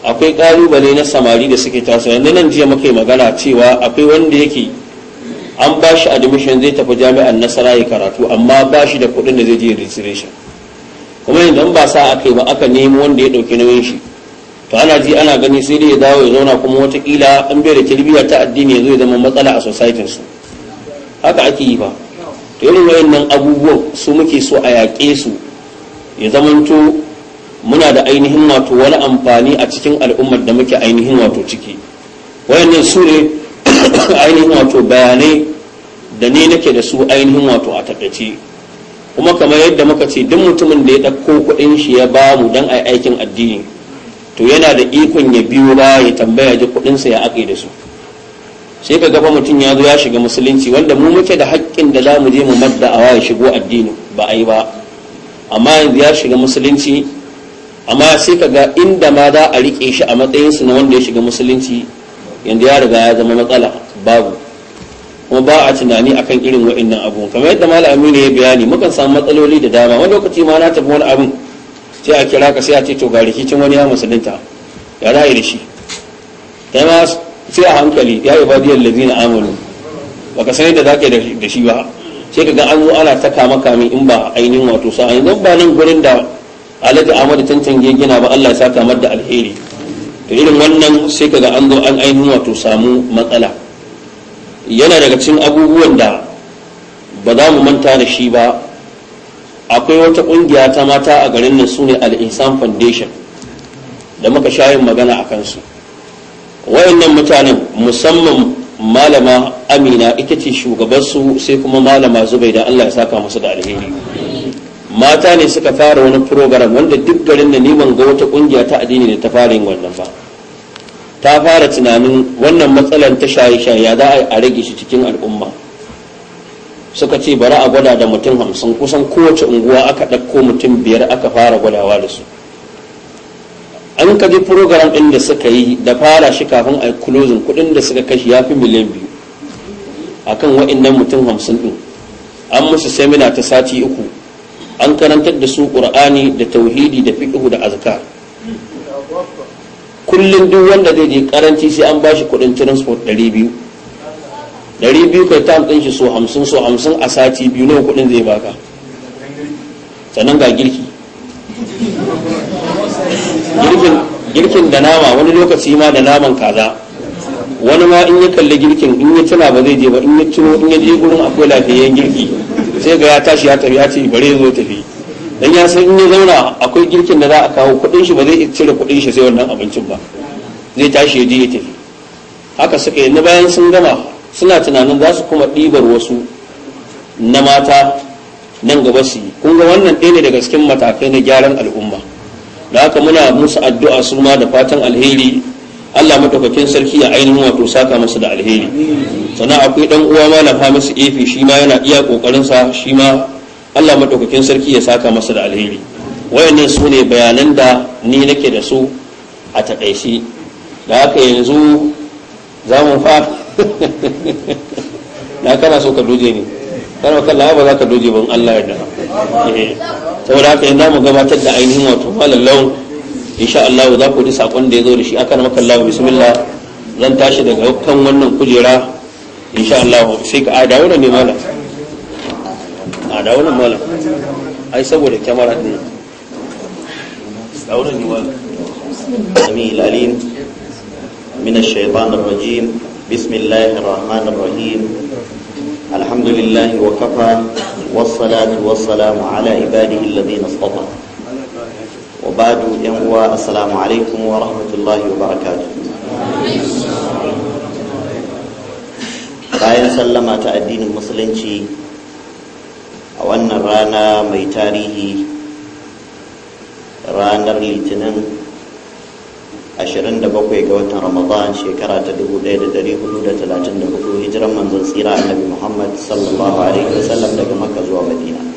akwai ƙalubale na samari da suke taso yanzu nan jiya muka yi magana cewa akwai wanda yake an ba shi admission zai tafi jami'an nasara ya karatu amma ba shi da kuɗin da zai je registration kuma yanzu ba sa aka yi ba aka nemi wanda ya ɗauki nauyin shi to ana ji ana gani sai dai ya dawo ya zauna kuma watakila an bai da tarbiyya ta addini ya ya zama matsala a society su haka ake yi ba to irin wayannan abubuwan su muke so a yaƙe su ya zamanto muna da ainihin wato wani amfani a cikin al'ummar da muke ainihin wato ciki wayannan su ne ainihin wato bayanai da ne nake da su ainihin wato a takaice kuma kamar yadda muka ce duk mutumin da ya ɗauko kuɗin shi ya ba mu don a aikin addini to yana da ikon ya biyo ba ya tambaya ji kuɗinsa ya ake da su sai ka gaba mutum ya zo ya shiga musulunci wanda mu muke da haƙƙin da za mu je mu madda a ya shigo addini ba a yi ba amma yanzu ya shiga musulunci amma sai ka ga inda ma za a riƙe shi a matsayinsu na wanda ya shiga musulunci yadda ya riga ya zama matsala babu kuma ba a tunani akan irin wa'annan abu kamar yadda malam aminu ya bayani mukan samu matsaloli da dama wani lokaci ma na tafi wani abin sai a kira ka sai a ce to ga rikicin wani ya musulunta ya ra'ayi da shi kai ma sai a hankali ya yi badiyar lazina amalu baka sani da zaka da shi ba sai ka ga an ana ta kama kame in ba ainihin wato sa'a yanzu ba nan gurin da alhaji ahmad tantange gina ba Allah ya saka mar da alheri to irin wannan sai kaga an zo an ainihin wato samu matsala yana daga cikin abubuwan da ba za mu manta da shi ba akwai wata kungiya ta mata a garin nan sune al-insan foundation da muka shayin magana a kansu wayannan mutanen musamman malama amina ita ce shugabansu sai kuma malama zubai da allah ya saka musu da alheri mata ne suka fara wani program wanda duk garin da neman ga wata kungiya ta addini ne ta fara yin wannan ba ta fara tunanin wannan matsalar ta shaye-shaye ya za a rage shi cikin al'umma suka ce bari a gwada da mutum hamsin kusan kowace unguwa aka ɗauko mutum biyar aka fara gwadawa da su an kaji program ɗin da suka yi da fara shi kafin a kulozin kuɗin da suka kashi ya fi miliyan biyu akan wa'innan mutum hamsin ɗin an musu semina ta sati uku an karantar da su qur'ani da tauhidi da fiqh da azkar kullum duk wanda zai je karanci sai an bashi kudin transport 200 200 kai ta ɗin shi so 50 so 50 a sati biyu nawa kudin zai baka sannan ga girki girkin da nama wani lokaci ma da naman kaza wani ma in ya kalli girkin in ya tuna ba zai je ba in ya ciro in ya je gurin akwai lafiyayyen girki sai ga ya tashi ya tafi ya ce bare ya zo tafi dan ya san in ya zauna akwai girkin da za a kawo kudin shi ba zai cire kudin shi sai wannan abincin ba zai tashi ya je ya tafi haka suka yi na bayan sun gama suna tunanin za su kuma ɗibar wasu na mata nan gaba su yi kun ga wannan ɗaya ne daga cikin matakai na gyaran al'umma da haka muna musu addu'a su ma da fatan alheri Allah madaukakin sarki ya ainihin wato saka masa da alheri sannan akwai dan uwa ma na fama su Efi shi ma yana iya kokarin sa shi ma Allah madaukakin sarki ya saka masa da alheri wayannan su ne bayanan da ni nake da su a takaice da haka yanzu za mu fara na kana so ka doje ne kana kalla ba za ka doje ban Allah ya da eh, saboda haka yanzu za mu gabatar da ainihin wato malam lawan insha Allah za ku ji sakon da ya zo da shi aka maka Allah bismillah zan tashi daga kan wannan kujera insha Allah sai ka a dawo ne malam a dawo nan malam ai saboda kyamara din dawo ne malam sami lalin من الشيطان الرجيم بسم الله الرحمن الرحيم الحمد لله وكفى والصلاة والسلام على عباده الذين اصطفى wa badu yan uwa assalamu alaikum wa rahmatullahi wa barakatuh bayan sallama ta addinin musulunci a wannan rana mai tarihi ranar litinin 27 ga watan ramadan shekara ta 1434 hijiran manzon tsira annabi muhammad sallallahu alaihi wasallam daga makka zuwa madina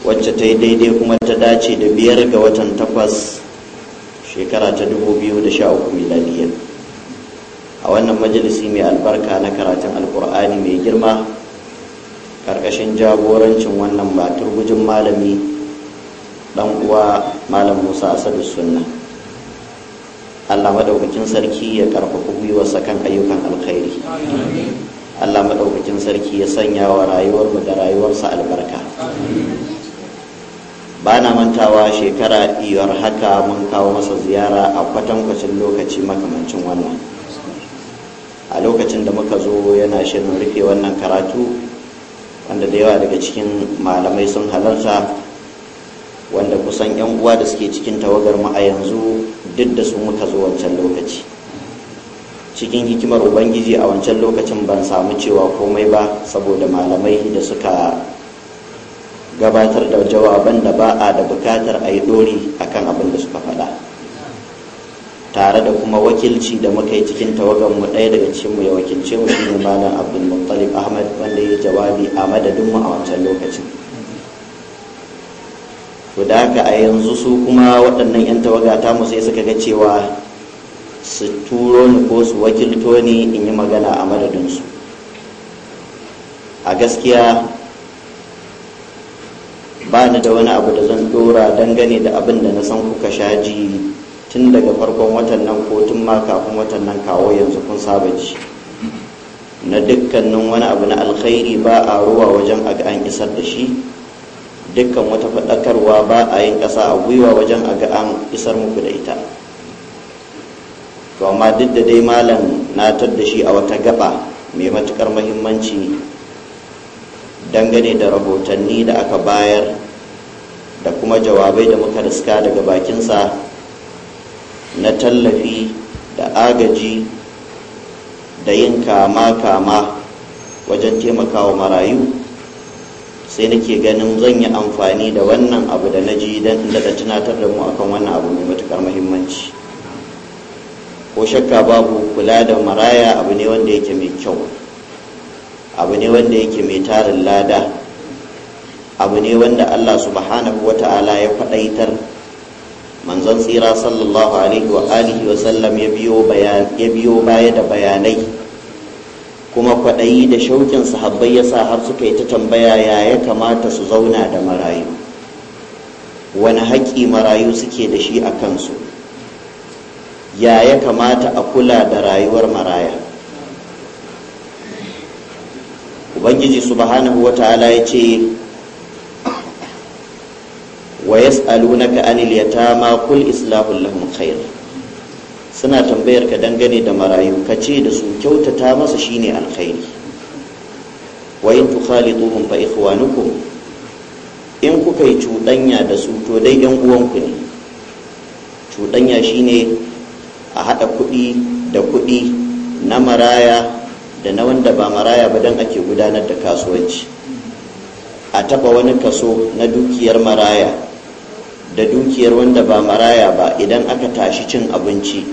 wacce ta yi daidai kuma ta dace da biyar ga watan takwas shekara ta da uku miladiya a wannan majalisi mai albarka na karatun alkur'ani mai girma karkashin jagorancin wannan batur gujin malami dan uwa malam musa asadu sunna allah madaukakin sarki ya karfafa gwiwarsa kan ayyukan alkhairi allah madaukakin sarki ya sanya wa rayuwarmu da rayuwarsa albarka ba na mantawa shekara iyar haka mun kawo masa ziyara a kwatankwacin lokaci makamancin wannan a lokacin da muka zo yana shirin rufe wannan karatu wanda da yawa daga cikin malamai sun halarta wanda kusan 'yan uwa da suke cikin tawagar mu a yanzu duk da su muka zo wancan lokaci cikin hikimar ubangiji a wancan lokacin ban samu cewa komai ba saboda malamai da suka gabatar da jawaban da ba a da bukatar a yi dori a kan abin da suka faɗa tare da kuma wakilci da muka yi cikin mu ɗaya daga cikinmu ya wakilce mu ne malam muttalib ahmad wanda ya jawabi a madadinmu a wancan lokacin to da haka a yanzu su kuma waɗannan 'yan tawaga ta mu sai suka ga cewa su turo ni ko su wakilto ni in yi magana a madadinsu a gaskiya ba ni da wani abu da zan dora dangane da abin da na san kuka sha ji tun daga farkon watan nan ko tun ma kafin watan nan kawo yanzu kun saba ji na dukkanin wani abu na alkhairi ba a ruwa wajen a ga an isar da shi dukkan wata faɗakarwa ba a yin ƙasa a gwiwa wajen a an isar muku da ita to amma duk da dai malam na da shi a wata gaba mai matukar muhimmanci. dangane da rahotanni da aka bayar da kuma jawabai da muka riska daga bakinsa na tallafi da agaji da yin kama-kama wajen taimakawa marayu sai nake ganin zan yi amfani da wannan abu da na ji don da tunatar da mu akan wannan abu mai matukar muhimmanci ko shakka babu kula da maraya abu ne wanda yake mai kyau abu ne wanda yake mai tarin lada abu ne wanda Allah subhanahu wa ta'ala ya faɗaitar manzon tsira sallallahu alaihi wa alihi wa sallam ya biyo baya da bayanai kuma kwaɗayi da shaukin sahabbai ya sa har suka yi ta tambaya ya ya kamata su zauna da marayu wani haƙƙi marayu suke da shi a kansu ya ya kamata a kula da rayuwar maraya ubangiji subhanahu ta'ala ya ce wa yas'alunaka anil yatama kul islahu lahum khair suna tambayar ka dangane da marayu ka ce da su kyautata masa shine alkhairi wa in tukhaliduhum fa ikhwanukum in kuka yi cuɗanya da su to dai yan uwanku ne cuɗanya shine a haɗa kuɗi da kuɗi na maraya da na wanda ba maraya ba don ake gudanar da kasuwanci a taba wani kaso na dukiyar maraya da dukiyar wanda ba maraya ba idan aka tashi cin abinci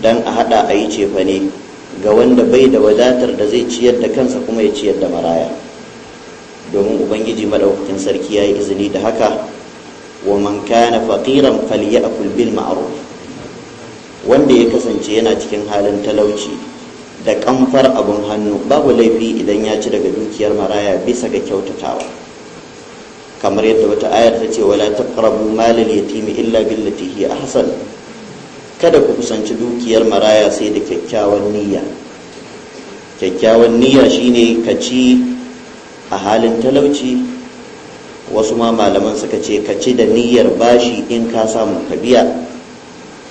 don a hada a yi cefane ga wanda bai da wadatar da zai ciyar da kansa kuma ya ciyar da maraya domin ubangiji madaukakin sarki ya yi izini da haka wa man kana faqiran falyakul bil ma'ruf wanda ya kasance yana cikin halin talauci da kamfar abun hannu babu laifi idan ya ci daga dukiyar maraya bisa ga kyautatawa kamar yadda wata ayar ta ce wala ta taqrabu malal yatimi illa billati a ahsan kada ku kusanci dukiyar maraya sai da kyakkyawan niyya kyakkyawan niyya shine ka ci a halin talauci wasu ma malaman suka ce ka ci da niyyar bashi in ka samu ka biya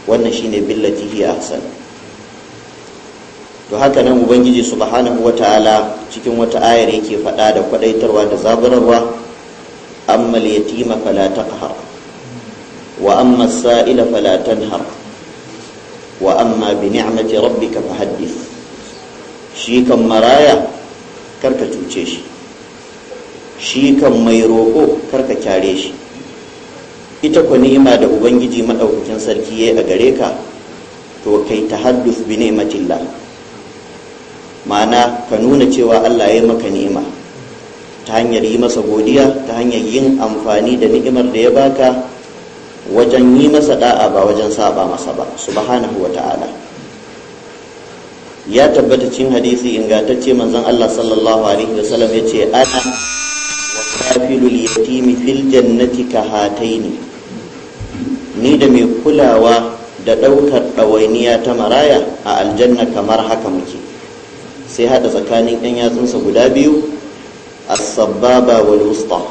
wannan shine billati a ahsan to haka nan ubangiji subhanahu ta'ala cikin wata ayar yake faɗa da kwadaitarwa da zaburarwa amma yatima fala taqhar wa amma sa'ila fala tanhar wa amma bi ni'mati rabbika fahaddith shi kan maraya karka cuce shi shi kan mai roƙo karka kyare shi ita ku ni'ima da ubangiji maɗaukakin sarki yayi a gare ka to kai tahaddus bi ni'matillah ma'ana ka nuna cewa Allah ya yi maka ni'ima ta hanyar yi masa godiya ta hanyar yin amfani da ni'imar da ya baka wajen yi masa da'a ba wajen saba masa ba subhanahu wa ta'ala ya tabbata cin hadisi ingantacce manzon Allah sallallahu alaihi wasallam ya ce ana wa yatimi fil jannati ka hataini ni da mai kulawa da ɗaukar ɗawainiya ta maraya a aljanna kamar haka muke sai hada tsakanin yan yatsunsa guda biyu a sababa wal wusta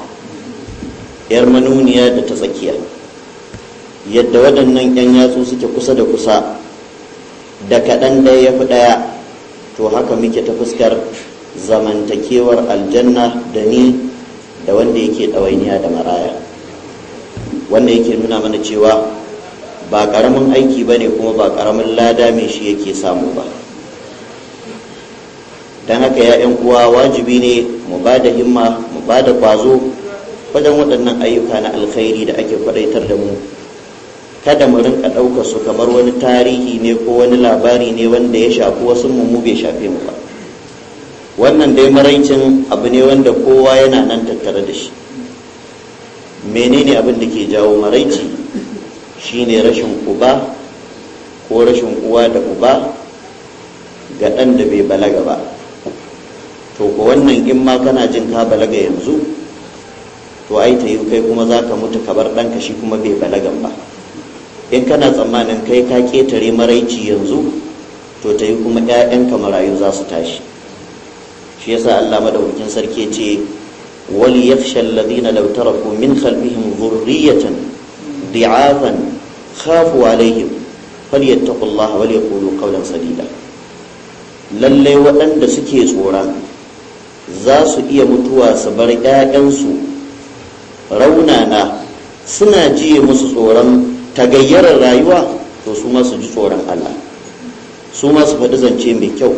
yar manuniya da ta tsakiya yadda waɗannan yan yatsu suke kusa da kusa da kaɗan ɗaya ya fi ɗaya to haka muke ta fuskar zamantakewar aljanna da ni da wanda yake ɗawainiya da maraya wanda yake nuna mana cewa ba ƙaramin aiki ba ne kuma ba ƙaramin lada mai shi yake samu ba don haka ya uwa wajibi ne mu ba da himma mu ba da kwazo wajen waɗannan ayyuka na alkhairi da ake faɗaitar da mu kada mu rinka ɗaukar su kamar wani tarihi ne ko wani labari ne wanda ya shafi wasu mu bai shafe mu ba wannan dai maraicin abu ne wanda kowa yana nan tattare da shi menene abin da ke jawo maraici shine rashin uba ko rashin uwa da uba ga ɗan da bai balaga ba to ko wannan in ma kana jin ka balaga yanzu to ai ta yi kai kuma za ka mutu ka bar ɗanka shi kuma bai balagan ba in kana tsammanin kai ka ketare maraici yanzu to ta yi kuma 'ya'yanka marayu za su tashi shi yasa allah madaukakin sarki ce wali yafshal ladina law taraku min khalfihim dhurriyatan di'afan khafu alaihim falyattaqullaha wal yaqulu qawlan sadida lallai waɗanda suke tsoron za su iya mutuwa su bar 'ya'yansu raunana suna ji musu tsoron tagayyarar rayuwa to su ma su ji tsoron allah su ma su faɗi zance mai kyau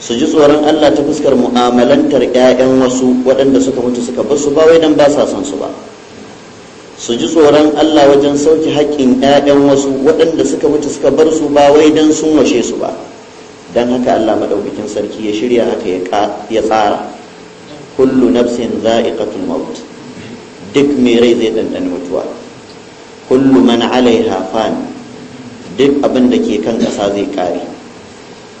su ji tsoron allah ta fuskar mu'amalantar ƴaƴan wasu waɗanda suka mutu suka bar su ba wai dan ba sa son su ba su ji tsoron allah wajen sauke haƙƙin ƴaƴan wasu waɗanda suka mutu suka bar su ba wai dan sun washe su ba don haka Allah madaukakin sarki ya shirya haka ya tsara kullu nafsin za'iqatul maut duk mai rai zai dandana mutuwa kullu man 'alayha fan duk abin da ke kan ƙasa zai kare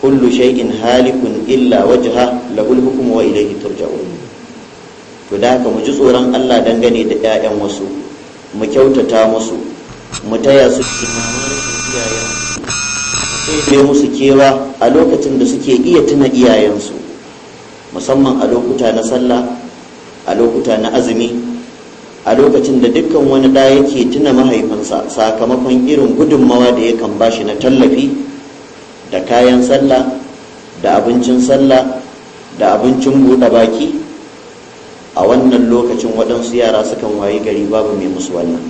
kullu shay'in halikun illa wajha lahul hukmu wa ilayhi turja'un to da haka mu ji tsoron Allah dangane da ƴaƴan wasu mu kyautata musu mu taya su cikin rashin iyayen sai musu kewa a lokacin da suke iya tuna iyayensu musamman a lokuta na sallah a lokuta na azumi a lokacin da dukkan wani ɗa yake tuna mahaifinsa sakamakon irin gudunmawa da yakan shi na tallafi da kayan sallah da abincin sallah da abincin buɗe baki a wannan lokacin waɗansu yara sukan wayi gari babu mai musu wannan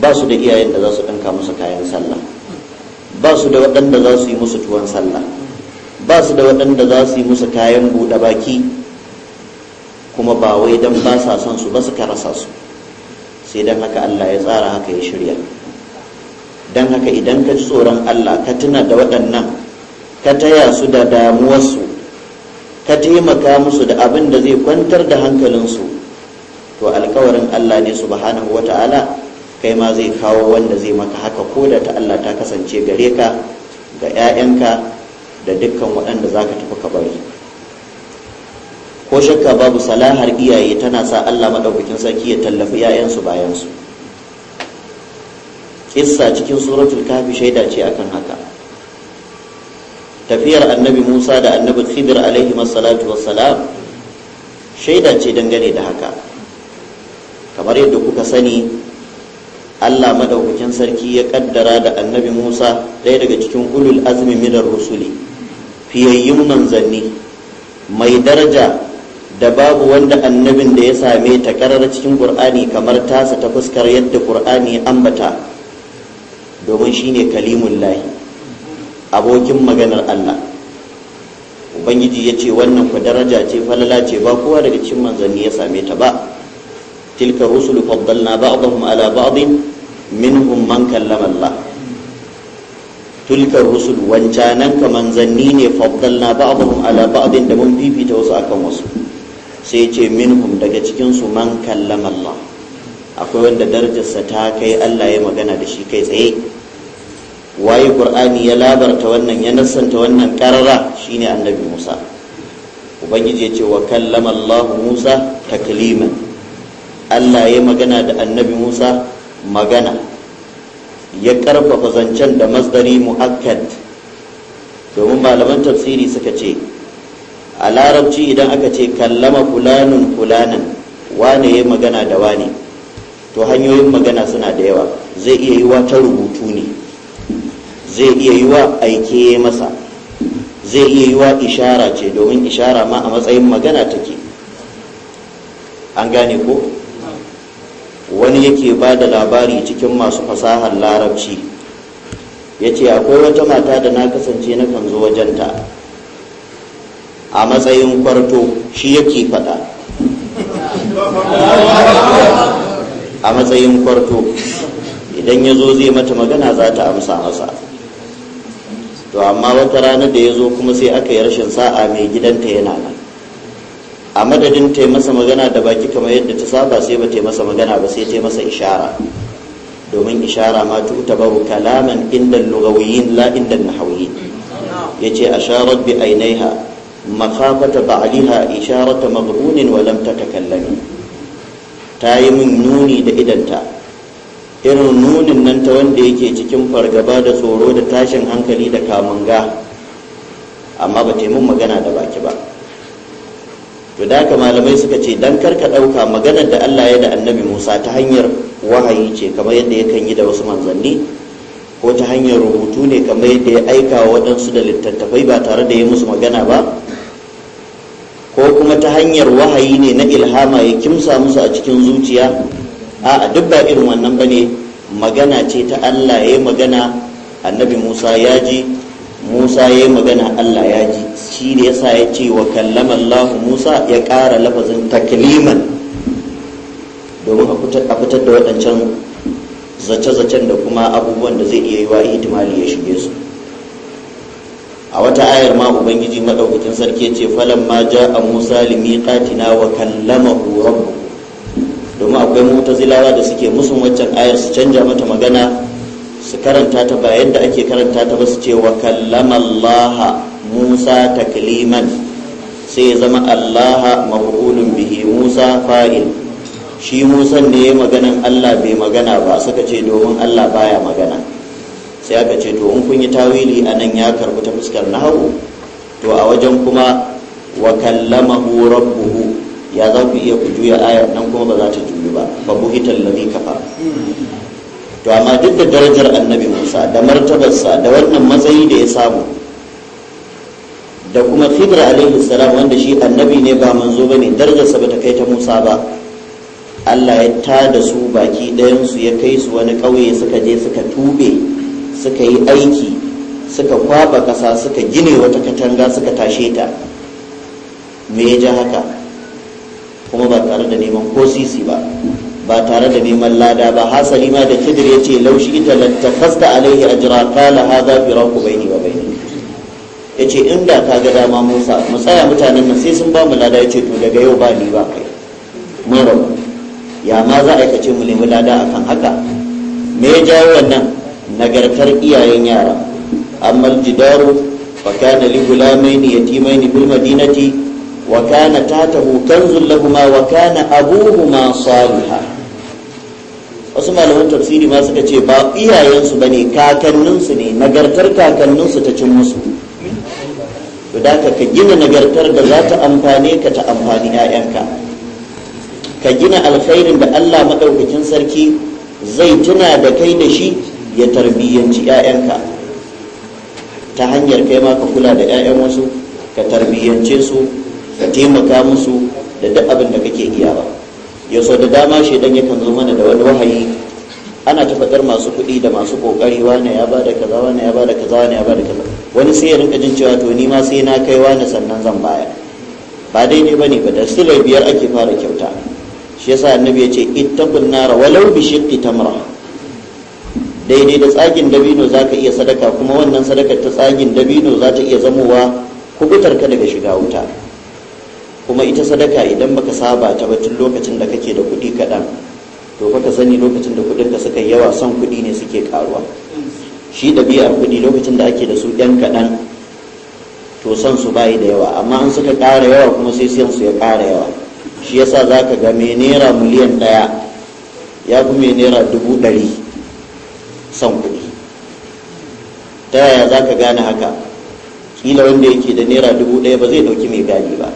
ba su da iyayen da za su ɗanka musu kayan sallah ba su da waɗanda za su yi musu tuwon sallah ba su da waɗanda za su yi musu kayan buɗe baki kuma ba wai don ba sa son su ba su ka rasa su sai don haka allah ya tsara haka ya shirya don haka idan ka ji tsoron allah ka tuna da waɗannan ka taya su da damuwarsu ka taimaka musu da abin da zai kwantar da hankalinsu to alkawarin allah ne subhanahu wa ta'ala kai ma zai kawo wanda zai maka haka ko da ta Allah ta kasance gare ka ga 'ya'yanka da dukkan waɗanda za ka tafi ka bari ko shakka babu salahar iyaye tana sa Allah maɗaukakin sarki ya tallafi 'ya'yansu bayansu kissa cikin suratul kafi shaida ce akan haka tafiyar annabi musa da annabi khidir alaihi masallatu wassalam shaida ce dangane da haka kamar yadda kuka sani Allah madaukakin sarki ya kaddara da annabi Musa ɗaya daga cikin ulul azmi minar rusuli fiyayyun manzanni mai daraja da babu wanda annabin da ya same ta karar cikin Qur'ani kamar tasa ta fuskar yadda Qur'ani ya ambata domin shine kalimun lahi abokin maganar Allah ubangiji ya ce wannan ku daraja ce falala ce ba kowa daga cikin manzanni ya same ta ba تلك الرسل minhum man على بعض منهم من كلم الله تلك الرسل وانجانا كمن زنين فضلنا بعضهم على بعض دمون بيبي توسع كم وصف سيجي منهم دقا تكنسو man كلم الله akwai wanda darajarsa ta kai Allah ya magana da shi kai tsaye waye qur'ani ya labarta wannan ya nassanta wannan karara shine annabi Musa ubangiji ya ce wa kallama Allah Musa takliman Allah ya magana da annabi Musa magana ya karfafa zancen da mazdari mu'akkad domin malaman tafsiri suka ce a larabci idan aka ce kallama fulanun fulanan wane ya magana da wane to hanyoyin magana suna da yawa zai iya yi wa ta rubutu ne zai iya yi wa aike masa zai iya yi wa ishara ce domin ishara ma a matsayin magana take an gane ko wani yake ba da labari cikin masu fasahar larabci ya ce akwai wata mata da na kasance na kan zo wajenta a matsayin kwarto shi yake faɗa a matsayin kwarto idan ya zo zai mata magana za ta amsa masa to amma wata rana da ya zo kuma sai aka yi rashin sa'a mai gidanta yana nan a madadin taimasa magana da baki kamar yadda ta saba sai ba taimasa magana ba sai taimasa ishara domin ishara ma tu tabaru kalaman inda lugawiyin la inda nahawiyin yace asharat bi makafata makafata ba'liha isharata mabunin wa lam takallami ta yi min nuni da idanta irin nunin nan ta wanda yake cikin fargaba da tsoro da tashin hankali da kamunga amma ba ta magana da baki ba to da haka malamai suka ce dan ka ɗauka maganar da Allah ya da annabi Musa ta hanyar wahayi ce kamar yadda ya kan yi da wasu manzanni ko ta hanyar rubutu ne kamar yadda ya aika wa waɗansu da littattafai ba tare da ya musu magana ba ko kuma ta hanyar wahayi ne na ilhama ya kimsa musu a cikin zuciya a duk ba irin wannan ba ne magana ce ta allah ya magana annabi musa ya ji musa ya yi magana allah ya ji shi da ya sa ya ce wa kallama allahu musa ya ƙara lafazin takliman domin a fitar da waɗancan zace-zacen da kuma abubuwan da zai iya yi wa ihtimali ya shige su a wata ayar ma ubangiji maɗaukakin sarki ce falon ma ja a musa katina wa kallama domin akwai mu'tazilawa da suke musun waccan ayar su canja mata magana su karanta ta ba yadda ake karanta ta ba su ce wa kallamallaha musa takliman sai ya zama allaha maf'ulun bihi musa fa'il shi musan ne ya maganan allah bai magana ba suka ce domin allah baya magana sai aka ce to in kun yi tawili a nan ya karbi ta fuskar na nahawu to a wajen kuma wa kallamahu rabbuhu ya za ku iya ku juya ayar nan kuma ba za ta juyu ba babu hitar lalika kafa to amma duk da darajar annabi musa da martabarsa da wannan matsayi da ya samu da kuma khidr alaihi salam wanda shi annabi ne ba manzo ba ne darajarsa ba ta kai ta musa ba allah ya ta da su baki ɗayan su ya kai su wani ƙauye suka je suka tube suka yi aiki suka kwaba ƙasa suka gine wata katanga suka tashe ta me ya ja haka kuma ba tare da neman ko sisi ba ba tare da neman lada ba hasali ma da kidir ya ce laushi ita lattafasta alaihi ajra qala hadha firaqu baini wa Ya ce inda ka ga dama Musa mu tsaya mutanen nan sai sun ba mu lada yace to daga yau ba ni ba kai mun rabu ya ma za a kace mu nemi lada akan haka me ya jawo wannan nagartar iyayen yara amma jidaru fa kana li gulamaini yatimaini bil madinati wa kana tatahu kanzul lahumu wa kana abuhuma salihah wasu malaman tafsiri ma suka ce ba iyayensu ba ne kakanninsu ne nagartar kakanninsu ta cin musu to da ka gina nagartar da za ta amfane ka ta amfani 'ya'yanka ka gina alkhairin da allah maɗaukakin sarki zai tuna da kai da shi ya tarbiyyanci 'ya'yanka ta hanyar kai ma ka kula da 'ya'yan wasu ka tarbiyyance su ka taimaka musu da duk abin da kake iya ba ya so da dama shi shaidan yakan zo mana da wani wahayi ana ta faɗar masu kuɗi da masu ƙoƙari wane ya bada kaza wane ya bada kaza wane ya bada kaza wani sai ya rinka jin cewa to ni ma sai na kai wane sannan zan baya ba daidai ba ne ba da silar biyar ake fara kyauta shi yasa annabi ya ce ittaqun nara walau bi shiqqi tamra daidai da tsagin dabino zaka iya sadaka kuma wannan sadakar ta tsagin dabino za ta iya zamowa kubutar ka daga shiga wuta kuma ita sadaka idan baka saba ta tun lokacin da kake da kuɗi kaɗan to fa ka sani lokacin da kuɗin ka suka yawa son kuɗi ne suke karuwa shi da ɗabi'ar kuɗi lokacin da ake da su ɗan kaɗan to son su bayi da yawa amma an suka ƙara yawa kuma sai siyan su ya ƙara yawa shi yasa za ka ga mai naira miliyan ɗaya ya fi mai naira dubu ɗari son kuɗi ta yaya za ka gane haka kila wanda yake da naira dubu ɗaya ba zai ɗauki mai gadi ba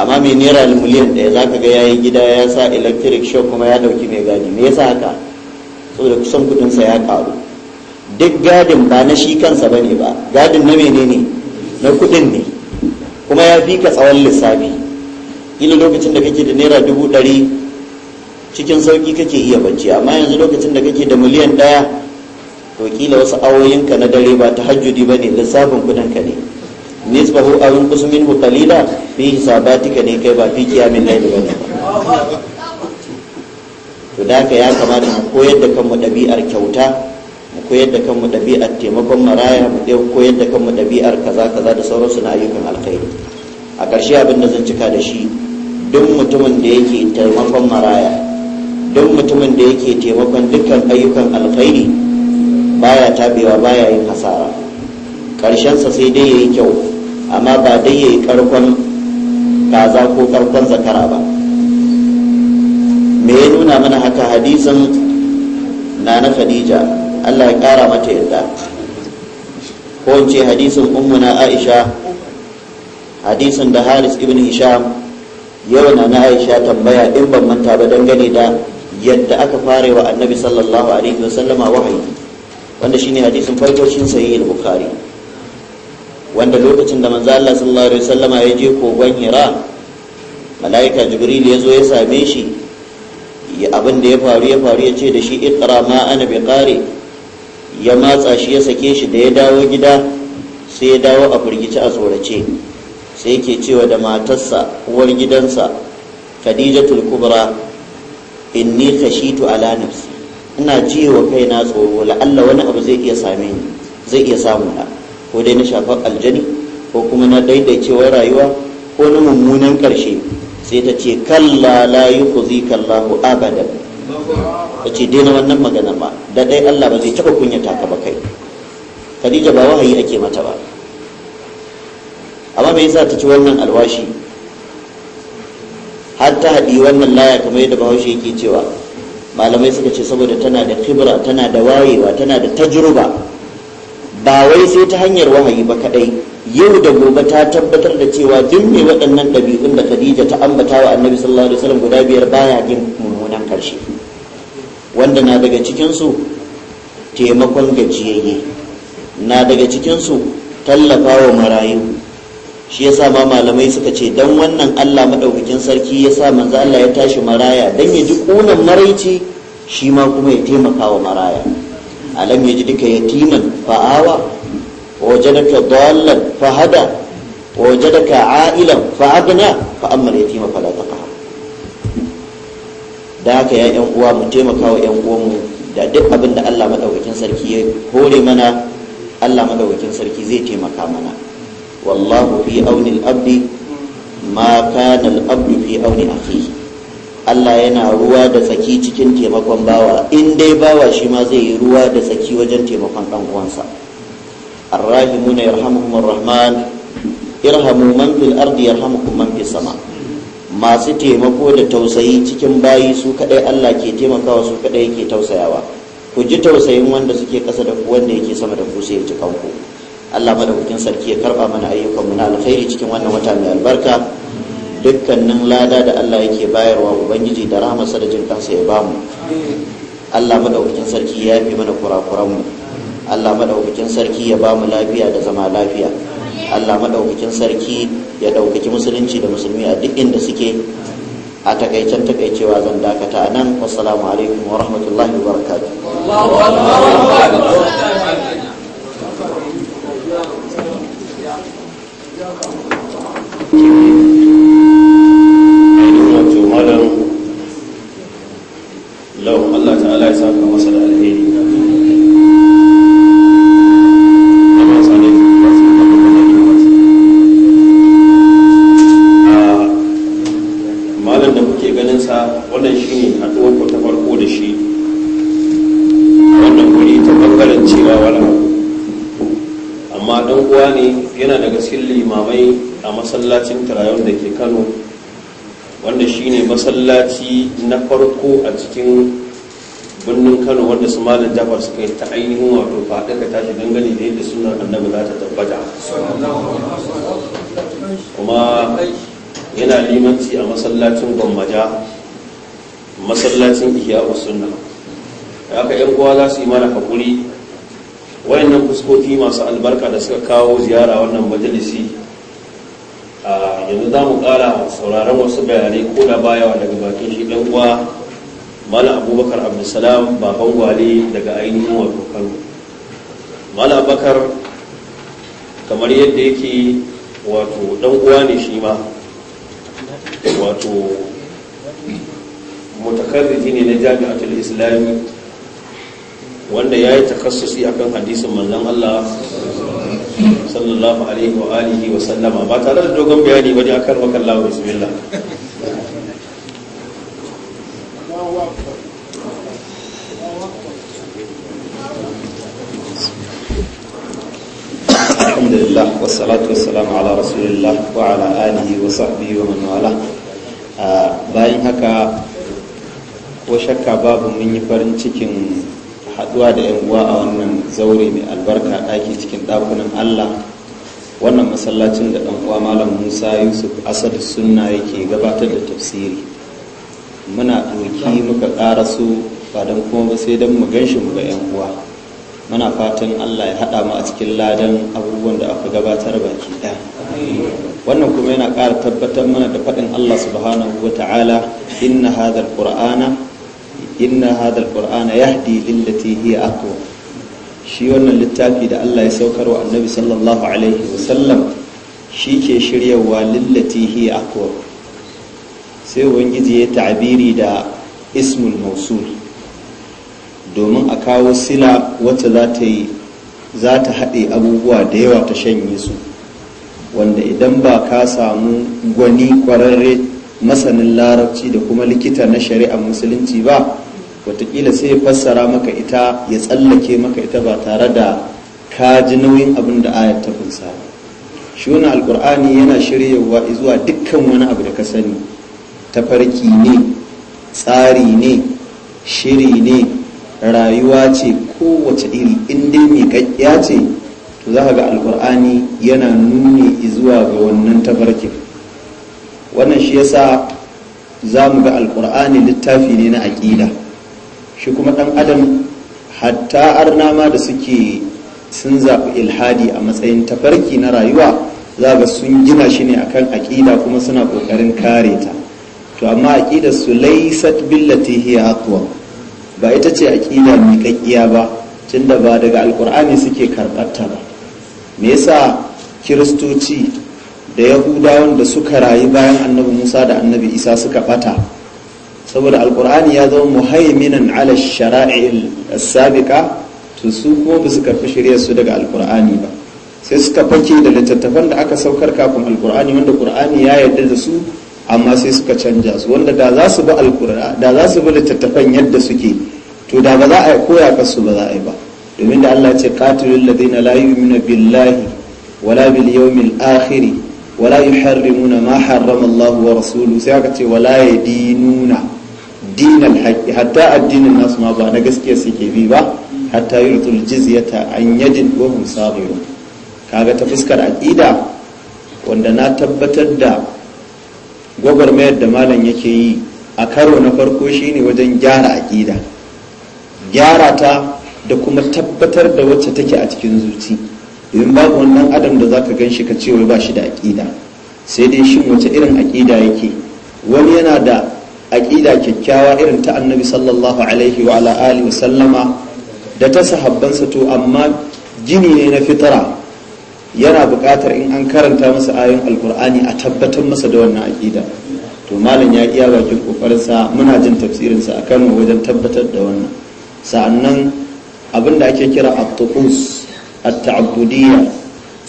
amma mai naira miliyan ɗaya za ka ga yayi gida ya sa electric shock kuma ya ɗauki mai gadi me yasa haka saboda kusan kudinsa ya karu duk gadin ba na shi kansa ba ne ba gadin na menene na kudin ne kuma ya fi ka tsawon lissafi ila lokacin da kake da naira dubu ɗari cikin sauƙi kake iya bacci amma yanzu lokacin da kake da miliyan ɗaya to kila wasu awoyinka na dare ba ta hajjudi ba ne lissafin ka ne nisbahu awin kusumin qalila fi hisabatika ne kai ba fi kiyamin laili ba ne to da ka ya kamata mu koyar da kanmu ɗabi'ar kyauta mu koyar da kanmu ɗabi'ar taimakon maraya mu koyar da kanmu ɗabi'ar kaza kaza da sauransu na ayyukan alkhairi a ƙarshe abin da zan cika da shi duk mutumin da yake taimakon maraya duk mutumin da yake taimakon dukkan ayyukan alkhairi baya tabewa baya yin hasara ƙarshensa sai dai ya yi kyau amma ba dai ya yi ƙarkon kaza ko farkon zakara ba me ya nuna mana haka hadisin na na khadija allah ya kara mata yadda ko in ce hadisin ummuna aisha hadisin da haris ibn hisham yau na na aisha tambaya in ban manta ba dangane da yadda aka fare wa annabi sallallahu alaihi wasallama wahayi wanda shine hadisin farko cikin sahih bukhari wanda lokacin da manzo Allah sallallahu alaihi wasallama ya je kogon Hira malaika Jibril ya zo ya same shi abin da ya faru ya faru ya ce da shi iqra ma ana bi qari ya matsa shi ya sake shi da ya dawo gida sai ya dawo a firgici a tsorace sai yake cewa da matarsa uwar gidansa Khadijatul Kubra inni khashitu ala nafsi ina jiwa kaina tsoro la'alla wani abu zai iya same ni zai iya samu na ko dai na shafar aljani ko kuma na daidaicewar rayuwa ko na mummunan ƙarshe sai ta ce kalla la kalla kallahu abada ta ce daina wannan magana ba da dai Allah ba zai taba kunyata ka ba kai Khadija ba wahayi ake mata ba amma me yasa ta ci wannan alwashi har ta haɗi wannan laya kamar yadda bahaushe yake cewa malamai suka ce saboda tana da kibra tana da wayewa tana da tajruba ba wai sai ta hanyar wahayi ba kadai yau da gobe ta tabbatar da cewa duk waɗannan ɗabi'un da khadija ta ambata wa annabi sallallahu alaihi wasallam guda biyar baya jin mummunan karshe wanda na daga cikinsu taimakon gajiyayye na daga cikinsu tallafa wa marayu shi yasa ma malamai suka ce dan wannan allah maɗaukakin sarki ya sa manzo allah ya tashi maraya dan ya ji ƙunan maraici shi ma kuma ya taimaka wa maraya alam yajidka yatiman fa'awa wajadaka dallan fahada wajadaka a'ilan fa'agna fa amma yatima fala taqhar da haka ya yan uwa mu taimaka wa yan uwanmu da duk abin da Allah madaukakin sarki ya hore mana Allah madaukakin sarki zai taimaka mana wallahu fi auni al-abdi ma kana al-abdu fi auni akhihi Allah yana ruwa da tsaki cikin taimakon bawa in dai bawa shi ma zai yi ruwa da tsaki wajen taimakon ɗan uwansa arrahimun yarhamuhumur rahman irhamu man fil ardi yarhamukum man fis sama masu taimako da tausayi cikin bayi su kadai Allah ke taimakawa su kadai yake tausayawa ku ji tausayin wanda suke kasa da ku wanda yake sama da ku sai ya ji kanku Allah madaukakin sarki ya karba mana ayyukan mu na alkhairi cikin wannan wata mai albarka dukkanin lada da Allah yake bayarwa ubangiji da rahamarsa da jin kansa ya bamu Allah madaukakin sarki ya fi mana kurakuranmu Allah madaukakin sarki ya bamu lafiya da zama lafiya Allah madaukakin sarki ya ɗaukaki musulunci da musulmi a duk inda suke a takaicen takaicewa zan dakata a nan wassalamu alaikum wa rahmatullahi wa barakatuh Thank you. lau Allah ta'ala ya saka masa da alheri masallaci na farko a cikin birnin kano wanda su malam jafar suka yi ta ainihin wato faɗa ka tashi dangane da yadda sunan annabi za ta tabbata kuma yana limanci a masallacin gwammaja masallacin ihya sunna haka yan kowa za su yi mana haƙuri wayannan fuskoki masu albarka da suka kawo ziyara wannan majalisi a yanzu za mu ƙara sauraron wasu bayanai ko da baya bakin shi dan mala abubakar abdulsalam baban gwale daga ainihin wato kano mala abubakar kamar yadda yake wato dan uwa ne shi ma wato mutakarriji ne na jami'atul islami wanda ya yi takassusi akan hadisin manzon Allah sallallahu alaihi wa alihi wa ba tare da dogon bayani ba ne akan wakan lawa bismillah وصحبه ومن wala bayan haka ko shakka babu mun yi farin cikin haduwa da 'yan uwa a wannan zaure mai albarka ɗaki cikin ɗakunan allah wannan masallacin da ɗan uwa malam musa yusuf asad sunna yake gabatar da tafsiri muna ɗoki muka ƙara su ba don kuma ba sai don mu ganshi mu ga 'yan uwa muna fatan Allah ya haɗa mu a cikin ladan abubuwan da aka gabatar baki ɗaya wannan kuma yana ƙara tabbatar mana da faɗin Allah subhanahu wa ta'ala inna hadha qur'ana inna hadha alqur'ana yahdi lillati hiya aqwa shi wannan littafi da Allah ya saukar wa annabi sallallahu alaihi wa sallam shi ke shiryawa lillati hiya aqwa sai ubangiji ya ta'abiri da ismul mausul domin a kawo sila wacce za ta haɗe abubuwa da yawa ta shanye su wanda idan ba ka samu gwani kwararre masanin larabci da kuma likita na shari'ar musulunci ba watakila sai ya fassara maka ita ya tsallake maka ita ba tare da ka ji nauyin abin da ayar ta kunsa ba alkur'ani yana shiryawa zuwa dukkan wani abu da ka sani tafarki ne tsari ne shiri ne rayuwa ce kowace iri in dai kakkiya ce to za ka ga alkur'ani yana nuni zuwa ga wannan tabarkin wannan shi yasa za mu ga alkur'ani littafi ne na aƙida shi kuma ɗan adam hatta arna da suke sun zaɓi ilhadi a matsayin tafarki na rayuwa za ga sun gina shi ne akan aƙida kuma suna ƙoƙarin kare ta to amma aƙidar su laisat billati hiya aqwa ba ita ce aƙida ƙaƙƙiya ba tunda ba daga alkur'ani suke karɓarta ba me yasa kiristoci da yahudawan da suka rayu bayan annabi musa da annabi isa suka ɓata saboda alkur'ani ya zama muhaiminan ala shara'il sabiqa to su kuma ba su karfi shirya su daga alkur'ani ba sai suka fake da littattafan da aka saukar kafin alkur'ani wanda kur'ani ya yarda da su amma sai suka canja su wanda da za su bi alkura da za su bi littattafan yadda suke to da ba za a yi koya kasu ba za a yi ba domin da Allah ce qatilul ladina la yu'minu billahi wala bil yawmil akhir wala yuharrimuna ma harrama Allah wa rasuluhu sai aka ce wala yadinuna dinan haqqi hatta addinin nasu ma ba na gaskiya suke bi ba hatta yurtul jizyata an yadin wa hum kaga ta fuskar aqida wanda na tabbatar da mayar da malam yake yi a karo na farko shine wajen gyara aƙida gyara ta da kuma tabbatar da wacce take a cikin zuci domin babu wannan adam da zaka gan shi ka ce wai ba shi da aƙida sai dai shin wace irin aƙida yake wani yana da aƙida kyakkyawa irin ta annabi sallallahu alaihi wa ala alihi da ta sahabbansa to amma jini ne na fitara yana buƙatar in an karanta masa ayin alkur'ani a tabbatar masa da wannan aƙida to malam ya iya bakin ƙoƙarinsa muna jin tafsirinsa a kano wajen tabbatar da wannan sa'annan abin da ake kira abtukus a ta'abudiyya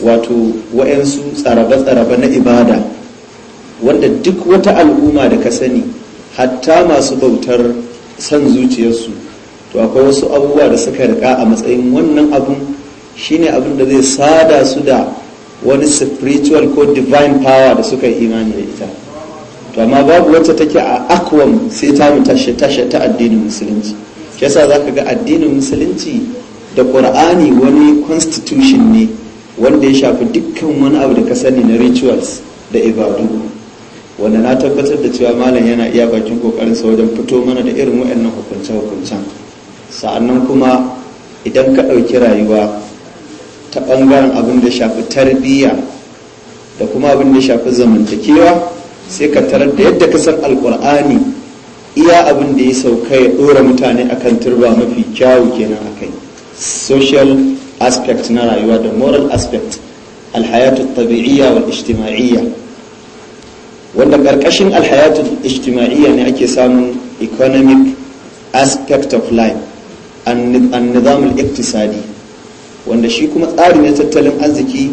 wato wa'yansu tsarabe-tsarabe na ibada wanda duk wata al'umma da ka sani hatta masu bautar san zuciyarsu to akwai wasu abubuwa da suka rika a matsayin wannan abun shine abin da zai sada su da wani spiritual ko divine power da suka yi imani da ita to amma babu wacce take a akwam sai ta tashe tashe ta addinin musulunci shi yasa zaka ga addinin musulunci da qur'ani wani constitution ne wanda ya shafi dukkan wani abu da ka sani na rituals da ibadu wanda na tabbatar da cewa malam yana iya bakin kokarin sa wajen fito mana da irin waɗannan hukunce hukuncen sa'annan kuma idan ka ɗauki rayuwa ta ɓangaren abin da shafi tarbiyya da kuma abin da shafi zamantakewa sai ka tarar da yadda kasar alkur'ani iya abin da ya sauka ya ɗora mutane akan turba mafi kyawu kenan kai social aspect na rayuwa da moral aspect alhayatu tabi'iyya wal ijtima'iyya wanda ƙarƙashin alhayatu ijtima'iyya ne ake samun economic aspect of life an nizam iktisadi wanda shi kuma tsarin na tattalin arziki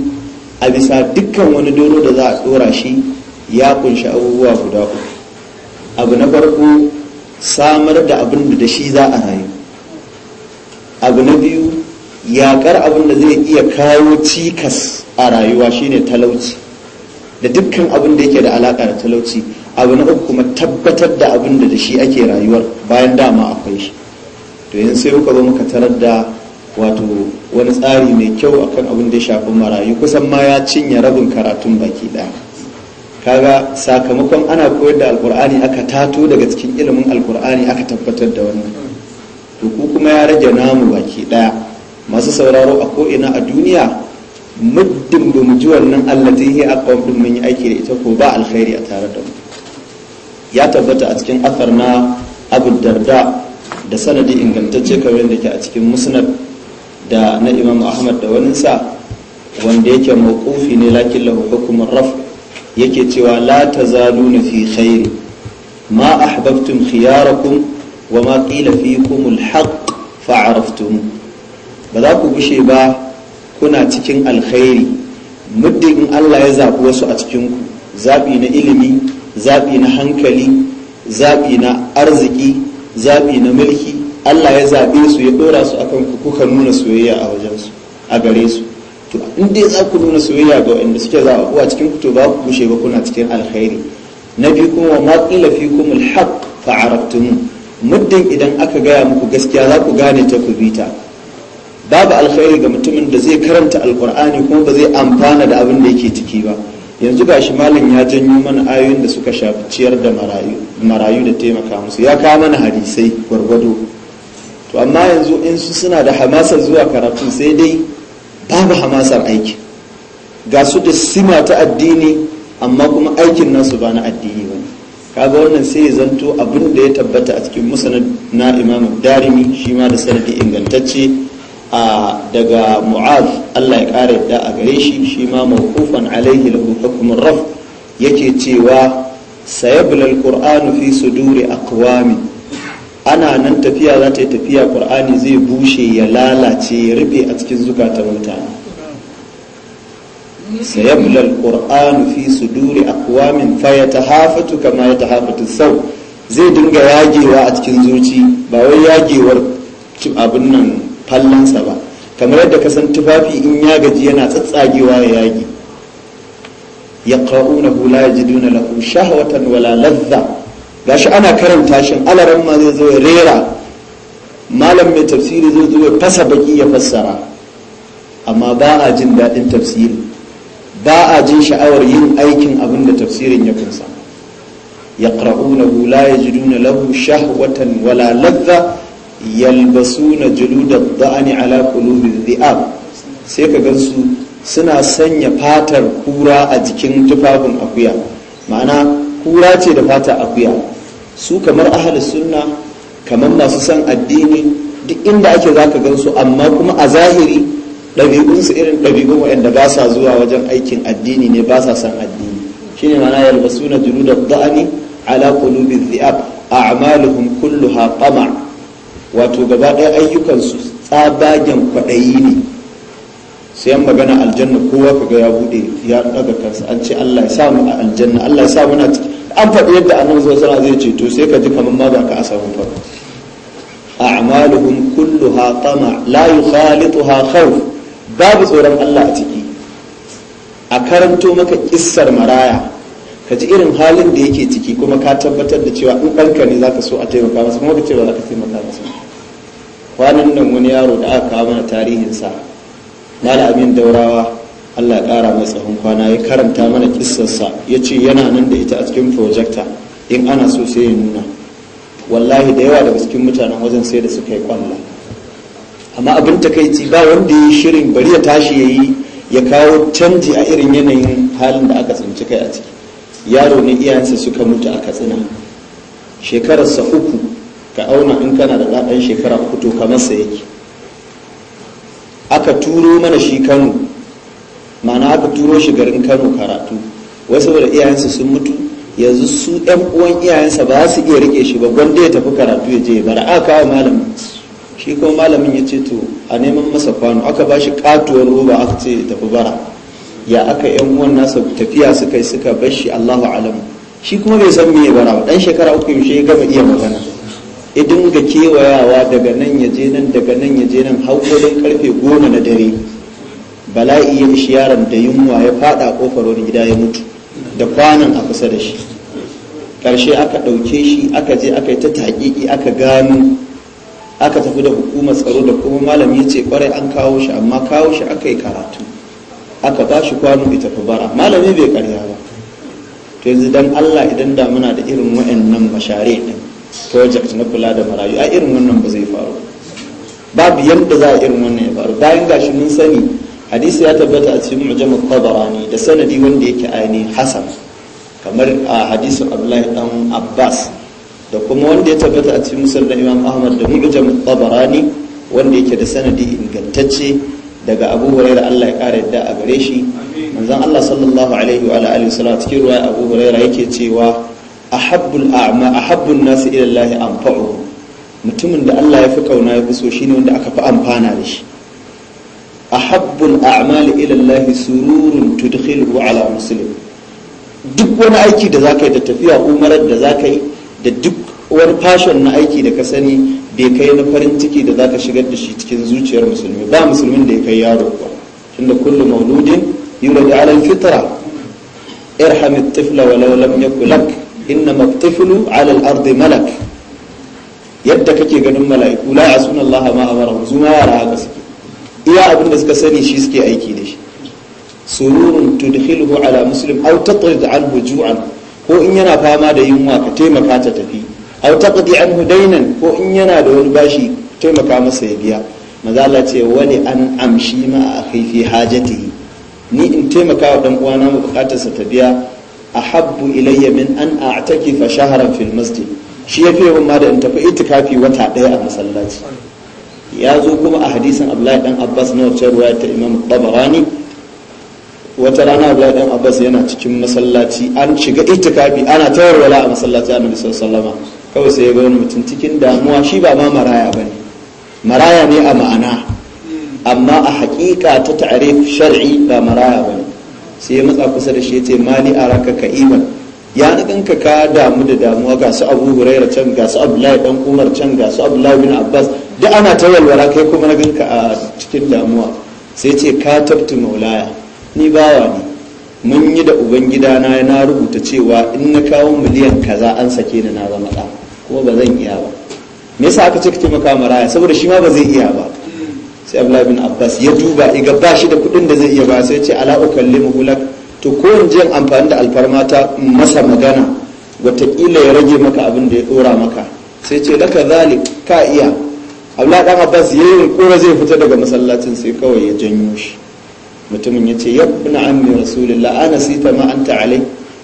a bisa dukkan wani doro da za a tsora shi ya kunshi abubuwa guda uku abu na farko samar da abin da shi za a rayu abu na biyu yakar abin da zai iya kawo cikas a rayuwa shine talauci da dukkan abin da yake da alaka da talauci abu na uku kuma tabbatar da abin da shi ake rayuwar bayan dama akwai shi to yanzu sai muka zo muka tarar da wato wani tsari mai kyau akan abin da ya shafi marayu kusan ma ya cinye rabin karatun baki ɗaya kaga sakamakon ana koyar da alkur'ani aka tato daga cikin ilimin alkur'ani aka tabbatar da wannan to ku kuma ya rage namu baki ɗaya masu sauraro a ko'ina a duniya muddin ba mu ji wannan allatin ya akwam mun yi aiki da ita ko ba alkhairi a tare da mu ya tabbata a cikin afar na abu darda da sanadi ingantacce kamar da ke a cikin musnad da na imam ahmad da wani sa wanda yake mawqufi ne lakin lahu hukumar raf yake cewa la tazaluna fi khairi ma ahbabtum khiyarakum wa ma qila fikum alhaq fa'araftumuh ba za ku gushe ba kuna cikin alkhairi muddin in Allah ya zaɓi wasu a cikin ku zaɓi na ilimi zaɓi na hankali zaɓi na arziki zaɓi na mulki Allah ya zaɓe su ya ɗora su akan ku kuka nuna soyayya a wajensu a gare su to in dai za ku nuna soyayya ga wanda suke za a cikin ku to ba ku gushe ba kuna cikin alkhairi na biyu kuma wa maƙila fi kuma alhaq fa arabtumu muddin idan aka gaya muku gaskiya za ku gane ta ku bita babu alkhairi ga mutumin da zai karanta alkur'ani kuma ba zai amfana da abin da yake ciki ba yanzu ga shi malam ya janyo mana ayoyin da suka shafi ciyar da marayu da taimaka musu ya kawo mana hadisai gwargwado to amma yanzu in su suna da hamasar zuwa karatu sai dai babu hamasar aiki ga su da sima ta addini amma kuma aikin nasu ba na addini ba kaga wannan sai ya zanto abin da ya tabbata a cikin musanad na imamu darimi shi ma da sanadi ingantacce a daga mu'az Allah ya kare da a gare shi shi ma mawqufan alaihi lahu hukm raf yake cewa sayabla alqur'anu fi suduri aqwamin ana nan tafiya za ta yi tafiya ƙur'ani zai bushe ya lalace ya rufe a cikin zukatar mutane sayabla alqur'anu fi su faya ta hafatu kama ya ta hafatu sau zai dinga yagewa a cikin zuci ba wai yagewar abin nan fallansa ba kamar yadda ka san tufafi in ya gaji yana tsatsagewa ya yage ya ji yajiduna lahu shahawatan wala lazza gashi ana karanta shi alaran ma zai zo ya rera malam mai tafsiri zai zo ya fasa baki ya fassara amma ba a jin daɗin tafsiri ba a jin sha'awar yin aikin abin da tafsirin ya kunsa ya ƙra'una la ya ji duna lahu shahwatan wala ladda yalbasu na jilu da ala kulubi da sai ka gansu suna sanya fatar kura a jikin tufafin akuya ma'ana kura ce da fatar akuya su kamar ahalus sunna kamar masu san addini duk inda ake zaka gansu amma kuma a zahiri ɗabi'unsu irin ɗabi'un waɗanda ba sa zuwa wajen aikin addini ne ba sa son addini shine mana yalbasuna da da'ani ala a dhi'ab a'maluhum kullu qama wato gaba ɗaya ayyukansu tsabagen kwaɗayi ne sai yan magana aljanna kowa kaga ya bude ya ɗaga kansa an ce Allah ya sa mu a aljanna Allah ya sa mu cikin an faɗi yadda annabi sallallahu alaihi zai ceto sai ka ji kamar ma ba ka asabu ba a'maluhum kulluha tama la yukhalituha khawf babu tsoron Allah a ciki a karanto maka kissar maraya ka ji irin halin da yake ciki kuma ka tabbatar da cewa in ɗanka ne za ka so a taimaka masa kuma ka ce ba za ka taimaka masa kwanan nan wani yaro da aka kawo mana tarihinsa malamin daurawa Allah ya ƙara mai tsawon kwana ya karanta mana kissarsa ya ce yana nan da ita a cikin projecta in ana so sai ya nuna wallahi da yawa daga cikin mutanen wajen sai da suka yi kwalla amma abin takaici ba wanda ya yi shirin bari ya tashi ya yi ya kawo canji a irin yanayin halin da aka tsinci kai a ciki yaro ne iyayensa suka mutu a katsina shekararsa uku ka auna in kana da ɗaɗan shekara uku to kamar sa yake aka turo mana shi kano ma'ana aka turo shi garin kano karatu wai saboda iyayensa sun mutu yanzu su yan uwan iyayensa ba su iya rike shi ba gwanda ya tafi karatu ya je ya bara aka kawo malamin shi kuma malamin ya ce to a neman masa kwano aka ba shi katuwar roba aka ce ya tafi bara ya aka yan uwan nasa tafiya suka yi suka bar shi allahu alamu shi kuma bai san me bara ba dan shekara uku yaushe ya gama iya magana ya dinga kewayawa daga nan ya je nan daga nan ya je nan har karfe goma na dare bala'i ya bishi yaron da yunwa ya fada kofar wani gida ya mutu da kwanan a kusa da shi karshe aka ɗauke shi aka je aka yi ta taƙiƙi aka gano aka tafi da hukumar tsaro da kuma malam ya ce kwarai an kawo shi amma kawo shi aka yi karatu aka ba shi kwano ita fa bara malami bai karya ba to yanzu dan Allah idan da muna da irin wa'annan mashare din project na kula da marayu a irin wannan ba zai faru babu yadda za a irin wannan ya faru bayan gashi mun sani hadisi ya tabbata a cikin mujam tabarani da sanadi wanda yake ainihin hasan kamar a hadisin abdullahi dan abbas da kuma wanda ya tabbata a cikin musar da imam ahmad da mujam tabarani wanda yake da sanadi ingantacce daga abu huraira allah ya kara yadda a gare shi manzon allah sallallahu alaihi wa alihi wasallam cikin ruwaya abu huraira yake cewa ahabbul a'ma ahabbun nasi ila allah anfa'u mutumin da allah ya fi kauna ya fi so shine wanda aka fi amfana da shi ahabbul a'mali ila Allah sururun tudkhiluhu ala muslim duk wani aiki da zaka yi da tafiya umarar da zaka yi da duk wani fashon na aiki da ka sani bai kai na farin ciki da zaka shigar da shi cikin zuciyar musulmi ba musulmin da ya kai yaro ba tunda kullum mauludin yi ala al-fitra irham at-tifla walau lam yakul lak innama at ala al-ardi malak yadda kake ganin mala'iku la yasuna Allah ma amara zuma yara haka suke iya abin da suka sani shi suke aiki da shi sururun tudkhilhu ala muslim aw tatrid anhu ju'an ko in yana fama da yunwa ka taimaka ta tafi aw taqdi anhu dainan ko in yana da wani bashi taimaka masa ya biya maza Allah ce wani an amshi ma akhi fi hajatihi ni in taimaka wa dan uwana mu bukatarsa ta biya ahabbu ilayya min an a'takifa shahran fil masjid shi yafi ma da in tafi itikafi wata daya a masallaci ya zo kuma a hadisin abdullahi dan abbas na wacce ruwaya ta imam tabarani wata rana abdullahi dan abbas yana cikin masallaci an shiga itikafi ana ta warwala a masallaci annabi sallallahu kawai sai ya ga wani mutum cikin damuwa shi ba ma maraya bane maraya ne a ma'ana amma a hakika ta ta'arif shar'i ba maraya bane sai ya matsa kusa da shi ya ce mali araka iman ya ganka ka damu da damuwa ga su abu hurairah can ga su abdullahi dan umar can ga su abdullahi bin abbas da ana ta walwala kai kuma na ganka a cikin damuwa sai ce ka tabtu maulaya ni bawa ne mun yi da ubangida na na rubuta cewa in na kawo miliyan kaza an sake ni na zama da kuma ba zan iya ba me yasa aka ce ka taimaka raya saboda shi ma ba zai iya ba sai abdullahi bin abbas ya duba iga ba shi da kuɗin da zai iya ba sai ce ala ukallimu hulak to ko in je amfani da alfarma ta masa magana wataƙila ya rage maka abin da ya ɗora maka sai ce laka zalik ka iya abdullahi dan abbas ya yi kura zai fita daga masallacin sai kawai ya janyo shi mutumin ya ce yabna ammi rasulullah ana sita ma anta alai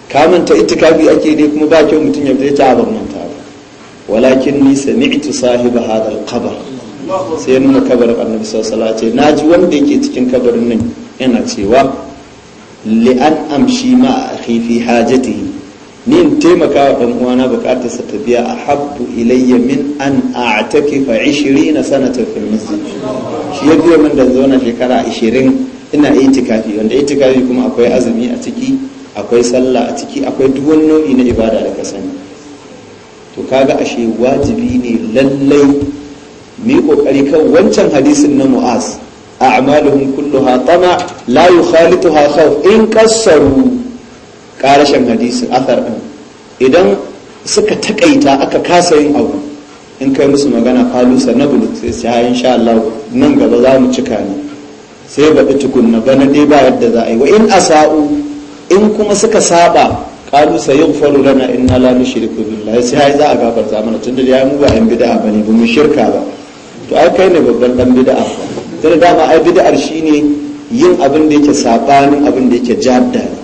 ka manta itikafi ake dai kuma ba kyau mutum ya fita ya ta ban manta ba walakin ni sami'tu sahiba hadha kabar sai nuna kabarin annabi sallallahu alaihi na ji wanda yake cikin kabarin nan yana cewa li'an amshi ma akhi fi hajatihi ni in taimaka wa dan uwana bukatar sa ta biya habbu ilayya min an a'takifa 20 sanatan fil masjid shi ya biyo min da zauna shekara 20 ina itikafi wanda itikafi kuma akwai azumi a ciki akwai sallah a ciki akwai duk wani nau'i na ibada da ka sani to kaga ashe wajibi ne lallai mi kokari kan wancan hadisin na mu'az a'maluhum kulluha tama la yukhalituha khawf in kasaru karashin hadisi athar din idan suka takaita aka kasa yin abu in kai musu magana falusa na bulut sai su yin sha Allah nan gaba za mu cika ne sai baɗi tukunna bana dai ba yadda za a yi wa in asa'u in kuma suka saba qalu in lana inna la nushriku billahi sai za a gafarta mana tunda ya mu ba yan bid'a bane ba mu shirka ba to ai kai ne babban dan bid'a ba da dama ai bid'ar shine yin abin da yake sabanin abin da yake jadda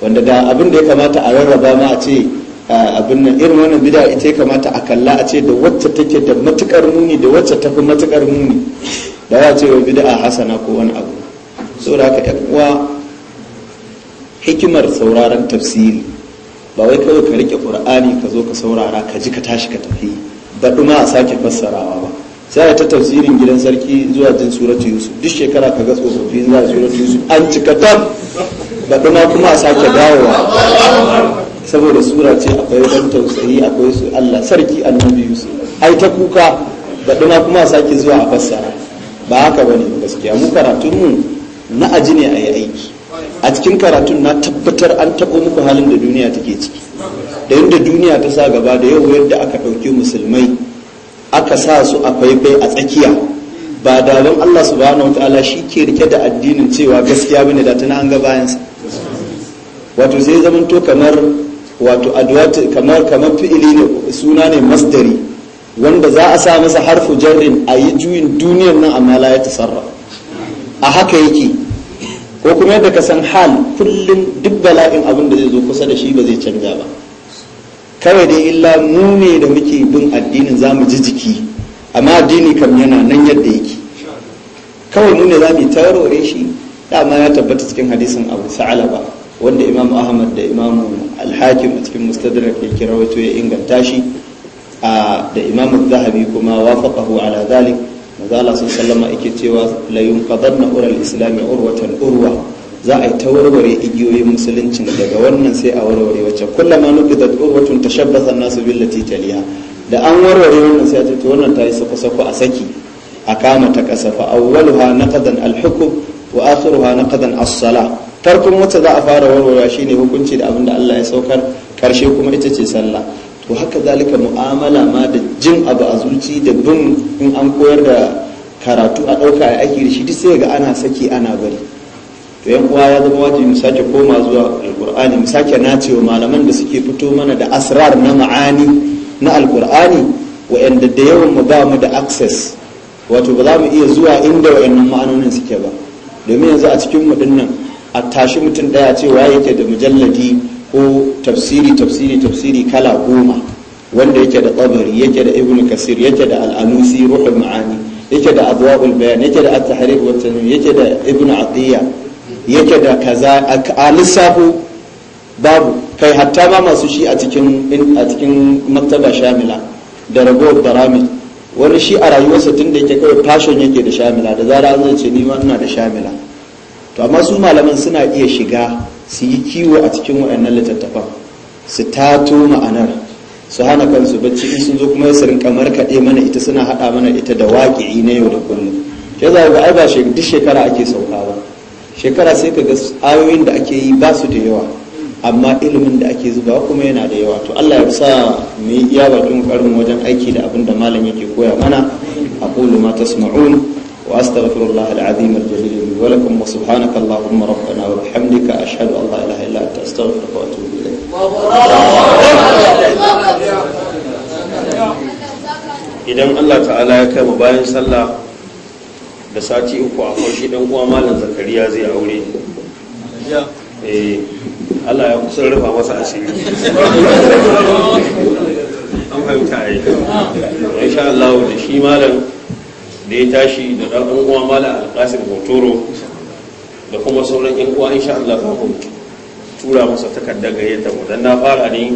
wanda da abin da ya kamata a rarraba ma a ce abin nan irin wannan bida ita ya kamata a kalla a ce da wacce take da matukar muni da wacce ta fi matukar muni da za a ce wa bida hasana ko wani abu so da haka yan uwa hikimar sauraron tafsiri ba wai kawai ka rike qur'ani ka zo ka saurara ka ji ka tashi ka tafi ba ma a sake fassarawa ba sai ta tafsirin gidan sarki zuwa jin suratu yusuf duk shekara ka ga tsofaffin zuwa suratu yusuf an cika tab baɗi ma kuma a sake dawowa saboda sura ce akwai ɗan tausayi akwai su Allah sarki annabi Yusuf ai ta kuka baɗi ma kuma a sake zuwa a fassara ba haka bane gaskiya mu karatun mu na aji ne a yi aiki a cikin karatun na tabbatar an taɓo muku halin da duniya take ciki da yadda duniya ta sa gaba da yau yadda aka ɗauki musulmai aka sa su a faifai a tsakiya ba don Allah subhanahu wa ta'ala shi ke rike da addinin cewa gaskiya bane da tana an ga bayansa wato sai zamanto kamar wato adwati kamar kamar fi'ili ne suna ne masdari wanda za a sa masa harfu jarrin a yi juyin duniyar nan amma la ya tasarra a haka yake ko kuma yadda ka san hal kullum duk bala'in abin da zai zo kusa da shi ba zai canja ba kawai dai illa mu ne da muke bin addinin za mu ji jiki amma addini kam yana nan yadda yake kawai mu ne za mu tarore shi dama ya tabbata cikin hadisin abu sa'ala ba wanda imam ahmad da imam alhakim a cikin mustadrak yake rawaito ya inganta shi da imam zahabi kuma wafaqahu ala zalik maza Allah sun sallama yake cewa la yunqadanna ural islami urwatan urwa za a yi ta warware igiyoyin musuluncin daga wannan sai a warware wacce kullama nuqidat urwatun tashabbasa nasu billati taliya da an warware wannan sai a ce wannan ta yi sako-sako a saki a kama ta kasafa awwaluha naqadan al wa akhiruha naqadan as-salah farkon wata za a fara shi ne hukunci da abin da Allah ya saukar karshe kuma ita ce sallah to haka zalika mu'amala ma da jin abu a zuci da bin in an koyar da karatu a ɗauka a aiki da shi duk sai ga ana saki ana bari to yan uwa ya zama wajibi mu sake koma zuwa alqur'ani mu sake nacewa malaman da suke fito mana da asrar na ma'ani na alqur'ani wa'anda da yawan mu ba mu da access wato ba za mu iya zuwa inda wa'annan ma'anonin suke ba domin yanzu a cikin mu dinnan a tashi mutum daya cewa yake da mujalladi ko tafsiri tafsiri tafsiri kala goma wanda yake da tsabari yake da ibn kasir yake da al'anusi ruhul ma'ani yake da adwa'ul bayan yake da at-tahrir wa yake da ibn atiya yake da kaza a lissafu babu kai hatta ma masu shi a cikin a cikin maktaba shamila da ragowar baramil wani shi a rayuwarsa tun da yake kawai fashon yake da shamila da zara zai ce ni ma ina da shamila to amma su malaman suna iya shiga su yi kiwo a cikin waɗannan littattafan su tato ma'anar su hana kansu bacci in sun zo kuma su kamar markaɗe mana ita suna haɗa mana ita da waƙi na yau da kullum ya za ga ba duk shekara ake sauka ba shekara sai ka ga ayoyin da ake yi ba su da yawa amma ilimin da ake zuba kuma yana da yawa to Allah ya sa mu yi iya bakin karin wajen aiki da abin da malam yake koya mana a kullum ma tasma'un wa astaghfirullah al-azim al-jalil ولكم وسبحانك اللهم ربنا وبحمدك أشهد إله إلا أنت أستغفرك وأتوب إليك idan Allah ta'ala ya kai mu bayan sallah da sati uku a kwashi dan uwa malam zakariya zai aure eh Allah ya kusan rufa masa asiri an fahimta a yi Allah da shi malam da ya tashi da ɗan uwa mala alƙasir hotoro da kuma sauran yan uwa insha Allah ba tura masa takardar gayyata mu dan na fara ne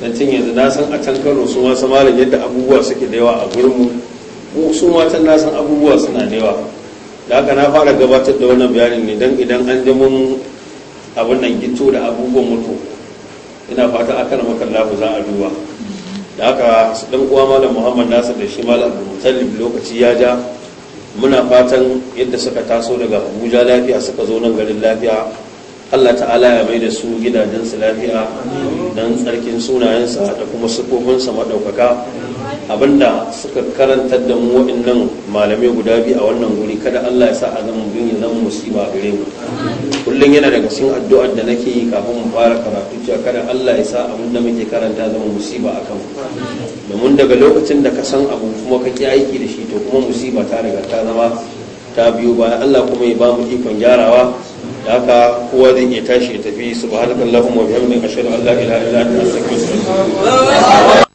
dan cin yanzu na san a can Kano su ma samarin yadda abubuwa suke da yawa a gurin mu su ma can na san abubuwa suna da yawa da haka na fara gabatar da wannan bayanin ne dan idan an ji mun abin nan gito da abubuwan mutu ina fata a akan makalla za a duba da haka su dan uwa malam muhammad nasir da shi malam abdulmutallib lokaci ya ja muna fatan yadda suka taso daga abuja lafiya suka zo nan garin lafiya Allah ta'ala ya mai da su gidajen su lafiya don tsarkin sunayensa da kuma sukofinsa maɗaukaka abinda suka karantar da mu waɗannan malamai guda biyu a wannan guri kada Allah ya sa a zama bin ya zama musiba gare mu kullum yana daga cikin addu'ar da nake yi kafin mu fara karatu cewa kada Allah ya sa abin da muke karanta zama musiba a kanmu domin daga lokacin da ka san abu kuma ka ki aiki da shi to kuma musiba ta riga ta zama ta biyu bayan Allah kuma ya ba mu ikon gyarawa da haka kowa zai iya tashi ya tafi subhanakallahumma wa bihamdika ashhadu an la ila illa anta astaghfiruka wa atubu